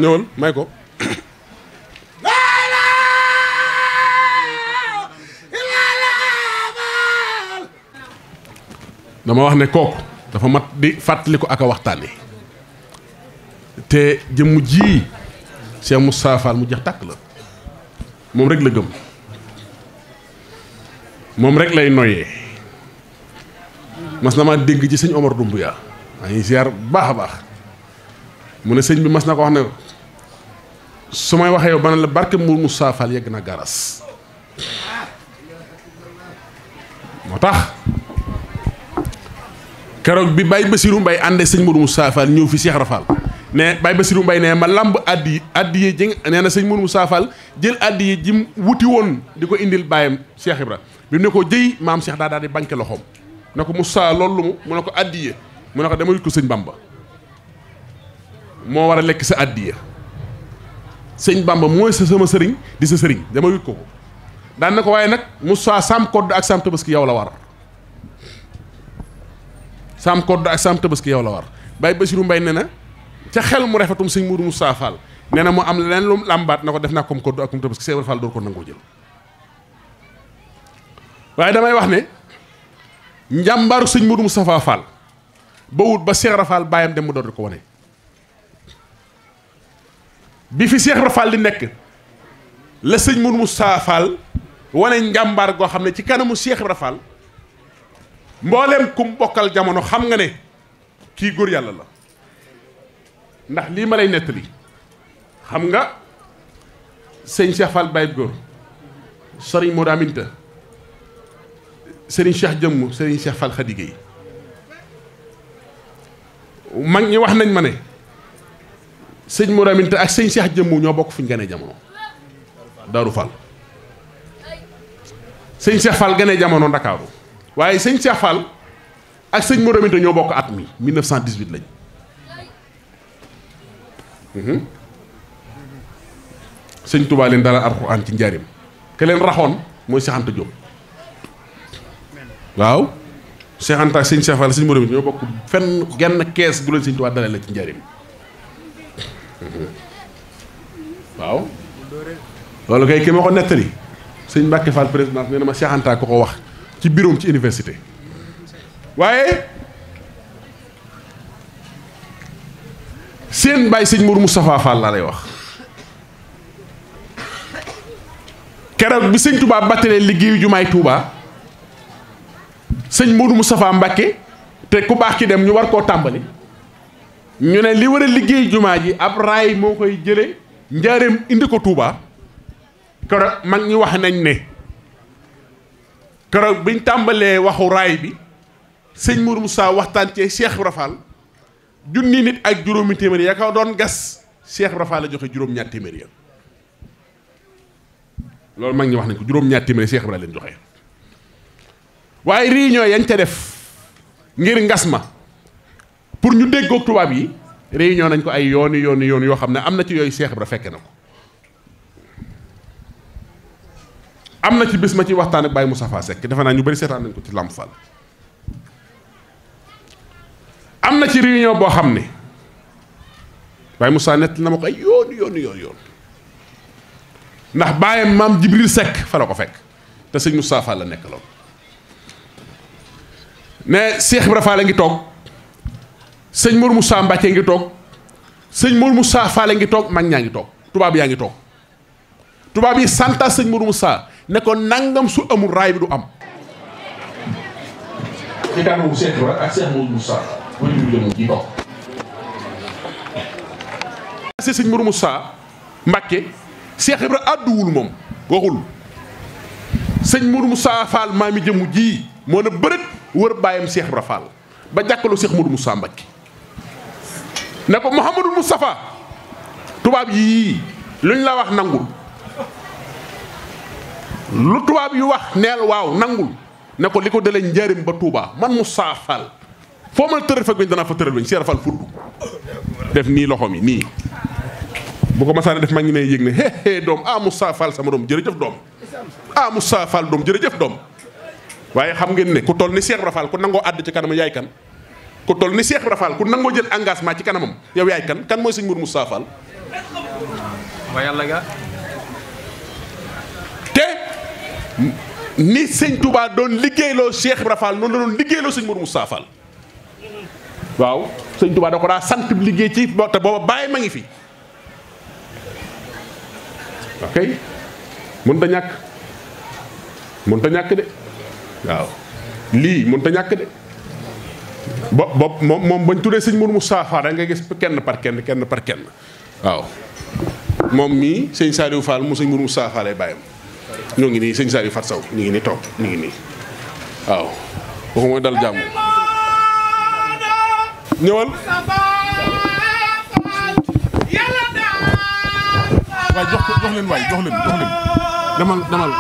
ñëwal may ko dama wax ne kooku dafa mat di fàttali ko ak a waxtaane te jëmm ji Cheikh Moustapha Fall mu jeex tàkk la moom rek la gëm moom rek lay noyee mas na maa dégg ci sëñ Omar Dumbuya maa ngi ziar baax a baax mu ne sëñ bi mas na ko wax ne su may waxee yow ba ne la barke Mour Moustapha Fall yegg na garas moo tax keroog bi Baye Bassirou mbay àndee sëñ Modou mu Fall ñëw fi Cheikh Rafal ne Baye Bassirou mbay ne ma lamb addi yi addi nee na sëñ Modou Moustapha Fall jël addi yi wuti woon di ko indil baayam Cheikh Ibra bi mu ne ko jëy maam seex daa daal di banque loxoom ne ko mussaa loolu mu mu ne ko addi yi mu ne ko dama yut ko sëñ Bamba moo war a lekk sa addi yi sëñ Bamba mooy sa sama sëriñ di sa sëriñ dama yut ko ko daan na ko waaye nag mussaa sam kodd ak sam tabaski yow la war saam kodd ak saam tabaski yow la war Baye Bassirou Mbaye ne na ca xel mu rafetum sëñ mu Moussa Fall nee na mu am leneen lu làmbaat na ko def naa koom kodd ak kum tabaski Seydou Fall door ko nangoo jël waaye damay wax ne njàmbaaru sëñ Mourou Moustapha Fall ba wut ba Cheikh Rafal bàyyam dem mu door di ko wone bi fi Cheikh Rafal di nekk la sëñ Mourou Moustapha Fall wane njàmbaar goo xam ne ci kanamu Cheikh Rafal mboolem kum bokkal jamono xam nga ne kii góor yàlla la ndax lii ma lay nettali xam nga sëñ Cheikh Fall Baye góor sëriñ Modou Aminta sëriñ Cheikh Jëmm sëriñ Cheikh Fall mag ñi wax nañ ma ne sëñ Modou Aminta ak sëñ Cheikh Jëmm ñoo bokk fu ñu gënee jamono Daaru Fall sëñ Cheikh Fall gënee jamono Ndakaaru waaye sëñ Cheikh Fall ak sëñ Modou Aminta ñoo bokk at mi 1918 lañ. Mhm. sëñ Touba leen dalal alxuraan ci njaarim ke leen raxoon mooy Cheikh Anta Diop waaw Cheikh Anta ak sëñ Cheikh Fall ñoo bokk fenn genn kees gu leen sëñ Touba dalal la ci njaarim mhm. waaw loolu kay ki ma ko nettali sëñ Mbacke Fall président nee ma Cheikh ko ko wax. ci biroom ci université waaye seen bàyyi sëñ Mourou Moustapha Fall laa lay wax keroog bi sëñ Touba battalee liggéeyu jumaay Touba sëñ Mourou Moustapha Mbacke te ku baax ki dem ñu war koo tàmbali ñu ne li war a liggéey jumaa ji ab raay moo koy jële njaareem indi ko Touba keroog mag ñi wax nañ ne keroog biñ tàmbalee waxu raay bi sëñ Mourou Moussa waxtaan cee Cheikh Ibra Fall junni nit ak juróomi téeméer ya ko doon gas Cheikh Ibra Fall la joxe juróom-ñaar téeméer ya loolu mag ñi wax nañ ko juróom-ñaar téeméer Cheikh Ibra leen joxe waaye réunion yañ ca def ngir ngas ma pour ñu déggoog tubaab yi réunion nañ ko ay yooni yooni yoon yoo xam ne am na ci yooyu Cheikh Ibra fekke na ko am na ci bés ma ci waxtaan ak Baye Moustapha Seck defe naa ñu bari seetaan nañ ko ci Lamp Fall am na ci réunion boo xam ne Baye Moussa nett na ma ko ay yoon yoon yoon yoon ndax bàyyam maam Jibril Seck fa la ko fekk te sëñ Moustapha Fall la nekk lool ne Cheikh Ibra Fall a ngi toog sëñ Mour Moussa Mbacke ngi toog sëñ Mour Moussa Fall a ngi toog mag ñaa ngi toog tubaab yaa ngi toog tubaab yi santa sëñ Mour Moussa ne ko nangam su amul raay bi du am. ak Cheikh Mourou Moussa wala ñu jëm di toog. si sëñ Mourou Moussa Mbacke Cheikh Ibra àdduwul moom waxul sëñ Mourou Moussa Fall mi jëmu ji moo na bërët wër bàyyam Cheikh Ibra Fall ba jàkkalu Cheikh Mourou Moussa Mbacke ne ko Mouhamadou Moustapha tubaab yii luñ la wax nangul. lu tubaab yu wax neel waaw nangul ne ko li ko dalee njëriñ ba tuubaa man mu saafal foo mën a tëral fekk bañ danaa fa tëral bañ seera fal fudd def nii loxo mi nii bu ko masaane def maa ngi ne yëg ne hé hé doom ah Moussa Fall sama doom jërëjëf doom ah Moussa Fall doom jërëjëf doom waaye xam ngeen ne ku toll ni Cheikh Rafal ku nangoo àdd ci kanam yaay kan ku toll ni Cheikh Rafal ku nangoo jël engagement ci kanamam yow yaay kan kan mooy sëñ Mour mu Fall ni sëñ Touba doon liggéeyloo Cheikh Ibra Fall noonu la doon liggéeyloo sëñ Mourou Moustapha Fall waaw sëñ tubaa da ko daa sant liggéey ci te booba bàyyi ma ngi fi ok mun ta ñàkk mun ta ñàkk de waaw lii mun ta ñàkk de bo bopp moom moom bañ tuddee sëñ Mourou mu da nga gis kenn par kenn kenn par kenn waaw moom mii sëñ Saliou Fall mu sëñ Mourou Moustapha lay bàyyam ñoo ngi nii sëñ Saliou Fat Sow ñu ngi nii toog ñu ngi nii waaw kooku mooy dal jàmm ñëwal. waay jox ko jox leen waay jox leen jox leen demal demal.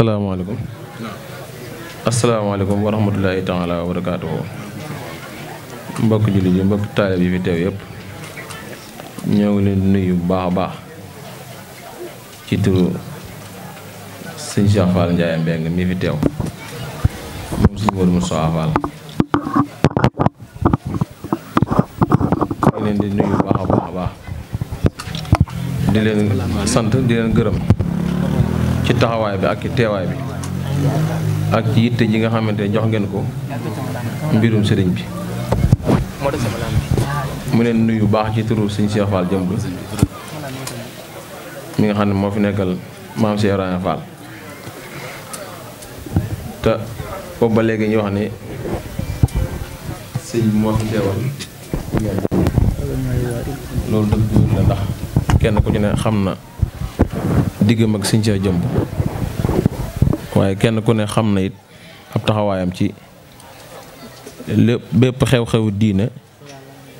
asalaamaaleykum asalaamaaleykum wa rahmatulahi taala wa barakaatu mbokk jullit yi mbokk taalib yi fi teew yëpp ñoo ngi leen nuyu bu baax a baax ci turu sëñ Cheikh Fall Ndiaye Mbeng mi fi teew moom sëñ Modou Moustapha Fall di leen di leen sant di leen gërëm ci taxawaay bi ak ci teewaay bi ak ci yitte ji nga xamante jox ngeen ko mbirum sëriñ bi mu ne nuyu baax ci turu sëñ Cheikh Fall jëmb mi nga xam ne moo fi nekkal maam Cheikh Ibrahima te boobu ba léegi ñu wax ni sëñ moo fi teewal ndax kenn ku ci ne xam na diggam ak sëñ Cheikh Jëmb waaye kenn ku ne xam na it ab taxawaayam ci lépp bépp xew-xewu diine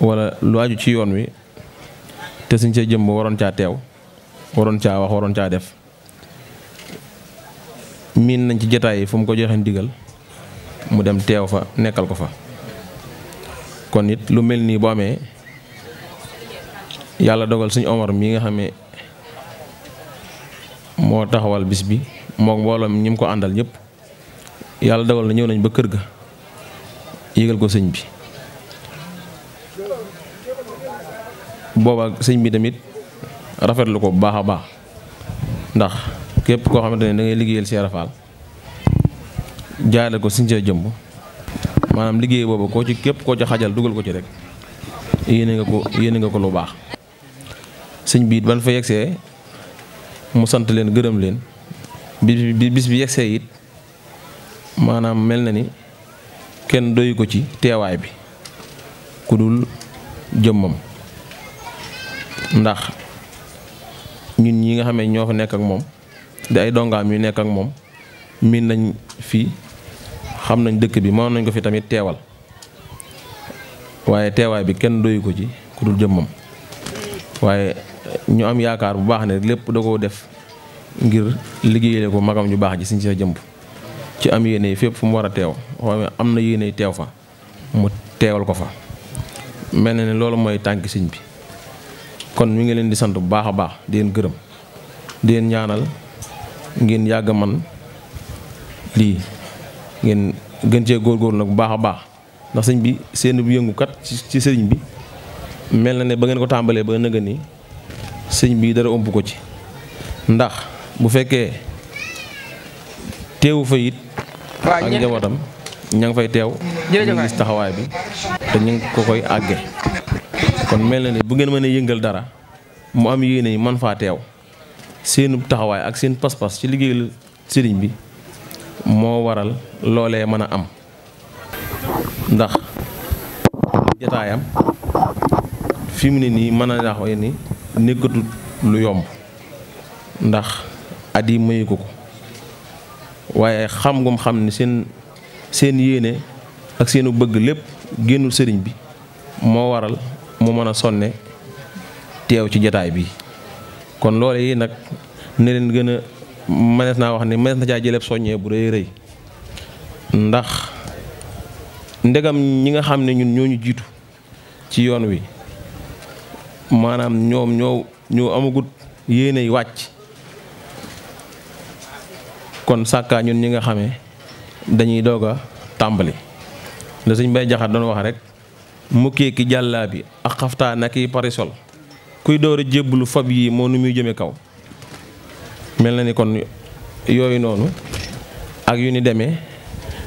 wala lu aju ci yoon wi te sëñ Cheikh Jëmb waroon caa teew waroon caa wax waroon caa def miin nañ ci jataay yi fu mu ko joxe ndigal mu dem teew fa nekkal ko fa kon it lu mel nii bu amee yàlla dogal suñu Omar mii nga xamee moo taxawal bis bi mook mbooloom ñi mu ko àndal ñëpp yàlla dawal na ñëw nañ ba kër ga yégal ko sëñ bi booba sëñ bi tamit rafetlu ko bu baax a baax ndax képp koo xamante ne dangay ngay liggéeyal Cheikh Ibra ko sëñ sa jëmm maanaam liggéey boobu koo ci képp koo ci xajal dugal ko ci rek yéene nga ko yéene nga ko lu baax sëñ bi it ban fa yegsee mu sant leen gërëm leen bi bi bis bi yegsee it maanaam mel na ni kenn doyu ko ci teewaay bi ku dul jëmmam ndax ñun ñi nga xam ñoo fa nekk ak moom di ay dongaam yu nekk ak moom miin nañ fi xam nañ dëkk bi mën nañ ko fi tamit teewal waaye teewaay bi kenn doyu ko ci ku dul jëmmam waaye ñu am yaakaar bu baax ne lépp da koo def ngir liggéeyale ko magam ñu baax ji suñ sa jëmb ci am yéene fépp fu mu war a teew am na yéene teew fa mu teewal ko fa mel na ne loolu mooy tànk siñ bi kon mu ngi leen di sant bu baax a baax di leen gërëm di leen ñaanal ngeen yàgg man lii ngeen gën cee góorgóorlu nag bu baax a baax ndax sëñ bi seen bu yëngukat ci sëriñ bi mel na ne ba ngeen ko tàmbalee ba nëgë nii sëñ bii dara ëmp ko ci ndax bu fekkee teewu fa it ak njabootam ña ngi fay teew ñu gis taxawaay bi te ñu ngi ko koy àgge kon mel na ne bu ngeen mënee yëngal dara mu am yéene yi man faa teew seen taxawaay ak seen pas-pas ci liggéeyal sëriñ bi moo waral loolee mën a am ndax jataayam fi mu ne nii mën a wax ni nekkatut lu yomb ndax at yi ko ko waaye xam ngum xam ni seen seen yéene ak seenu bëgg lépp génnul sëriñ bi moo waral mu mën a sonne teew ci jataay bi kon loole yi nag ne leen gën a mënees naa wax ni mënees na caa jëleb soññee bu rëy rëy ndax ndegam ñi nga xam ne ñun ñooñu jiitu ci yoon wi maanaam ñoom ñoo ñoo amagut yéeney wàcc kon sàkkaa ñun ñi nga xamee dañuy doog a tàmbali la suñ bay jaxat doon wax rek mukkee ki jàllaa bi ak xaftaan ak i parisol kuy door a jébbalu fab yi moo nu muy jëme kaw mel na ni kon yooyu noonu ak yu ni demee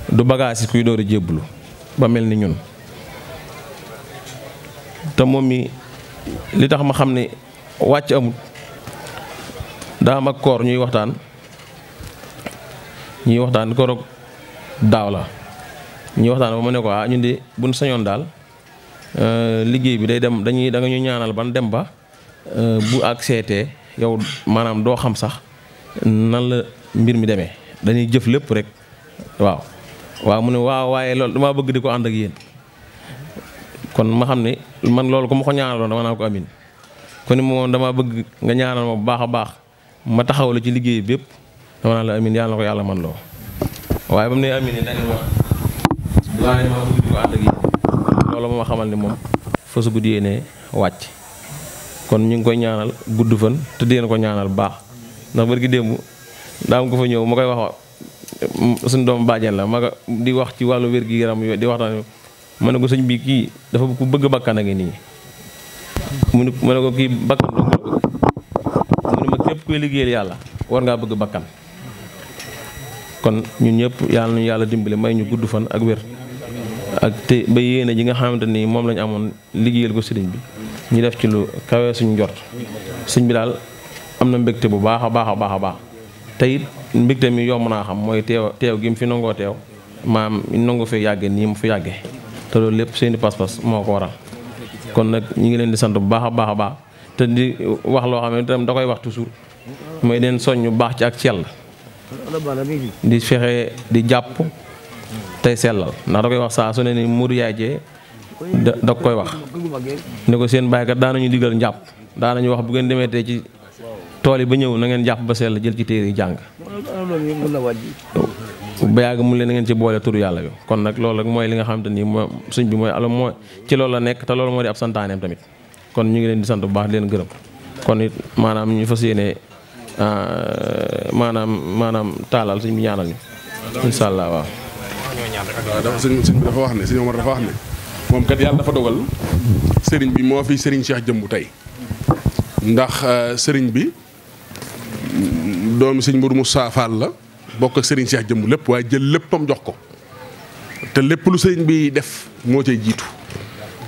du bagage kuy door a jébbalu ba mel ni ñun te moom mi li tax ma xam ni wàcc amut daa am ak koor ñuy waxtaan ñuy waxtaan koorog daaw la ñuy waxtaan ba ma ne ko ah ñun di buñ sañoon daal euh, liggéey bi day dem dañuy danga ñuy ñaanal ban dem ba euh, bu ak seetee yow maanaam doo xam sax nan la mbir mi demee dañuy jëf lépp rek waaw waaw mu ne waaw waaye loolu damaa bëgg di ko ànd ak yéen kon ma xam ne man loolu ku ma ko ñaanaloon dama naa ko amin kon moom dama bëgg nga ñaanal ma bu baax a baax ma taxaw la ci liggéey bépp dama naa la amin yàlla na ko yàlla man loo waaye ba mu ne amin yi dañ ma ko ànd ma xamal ne moom fa su guddi wàcc kon ñu ngi koy ñaanal gudd fan te ko ñaanal baax ndax bërki démb daam ko fa ñëw ma koy wax suñu doom bàjjen la mag ko di wax ci wàllu wér-gi-yaram di waxtaan ma ne ko sëñ bi kii dafa ku bëgg bakkan a ngi nii mu ne ma ne ko kii bakkan dong la bëgg mu ne ma képp kuy liggéeyal yàlla war ngaa bëgg bakkan kon ñun ñëpp yàlla nañu yàlla dimbali may ñu gudd fan ak wér ak te ba yéene ji nga xamante ni moom lañu amoon liggéeyal ko sëriñ bi ñu def ci lu kawee suñu njort sëñ bi daal am na mbégte bu baax a baax a baax a baax te it mbégte mi yomb naa xam mooy teew teew gi mu fi nangoo teew maam nangu fi yàgge nii mu fi yàgge te loolu lépp seeni pas-pas moo ko waral kon nag ñu ngi leen di sant bu baax a baax a baax te di wax loo xam ne tam da koy wax toujours mooy leen soññ baax ci ak sell di fexe di jàpp tey sellal ndax da koy wax saa su ne ni Modou Yaay da da koy wax ne ko seen bàyyikat daanañu digal njàpp daanañu wax bu ngeen demee tey ci tool yi ba ñëw na ngeen jàpp ba la jël ci téere yi jàng ba yàgg mu leen ngeen ci boole turu yàlla bi kon nag loolu rek mooy li nga xamante ni moo sëñ bi mooy alo mooy ci loolu la nekk te loolu moo di ab santaaneem tamit kon ñu ngi leen di sant bu baax di leen gërëm kon it maanaam ñu fas yéene ah, maanaam maanaam taalal sëñ bi ñaanal ñu incha allah waaw. waaw dafa sëñ bi dafa wax ne sëñ Omar dafa wax ne moom kat yàlla dafa dogal sëriñ bi moo fi sëriñ Cheikh jëmbu tey ndax ah, sëriñ bi doomi sëñ Mourou Moussa Fall la. bokk ak Serigne Cheikh jëmm lépp waaye jël léppam jox ko te lépp lu sëriñ bi def moo cay jiitu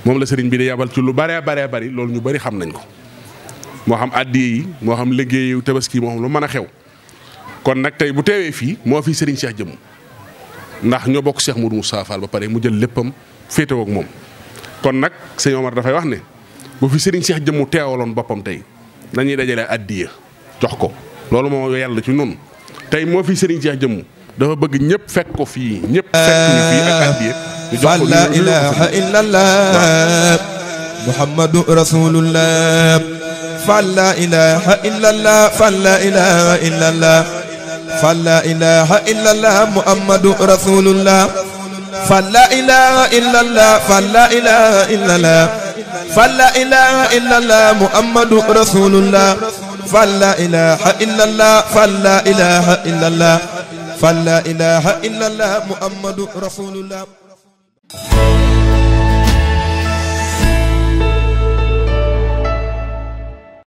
moom la sëriñ bi di yabal ci lu baree baree bari loolu ñu bari xam nañ ko moo xam addi yi moo xam liggéeyu tabaski moo xam lu mën a xew kon nag tey bu teewee fii moo fi Serigne seex jëmm ndax ñoo bokk seex Mourou Moussa Fall ba pare mu jël léppam féetewoo ak moom kon nag sëñ dafay wax ne bu fi Serigne Cheikh jëmm teewaloon boppam tey dañuy dajale addiya jox ko loolu tey moo fi Serigne Cheikh jëmm dafa bëgg ñëpp fekk ko fii ñëpp fekk ñu fii ak addiya ñu la ilaha illallah muhammadu rasulullah fa la la ilaha illallah fa la ilaha illallah la ilaha illallah fa la ilaha illallah fa la ilaha فلا إله إلا الله فلا إله إلا الله فلا إله إلا الله محمد رسول الله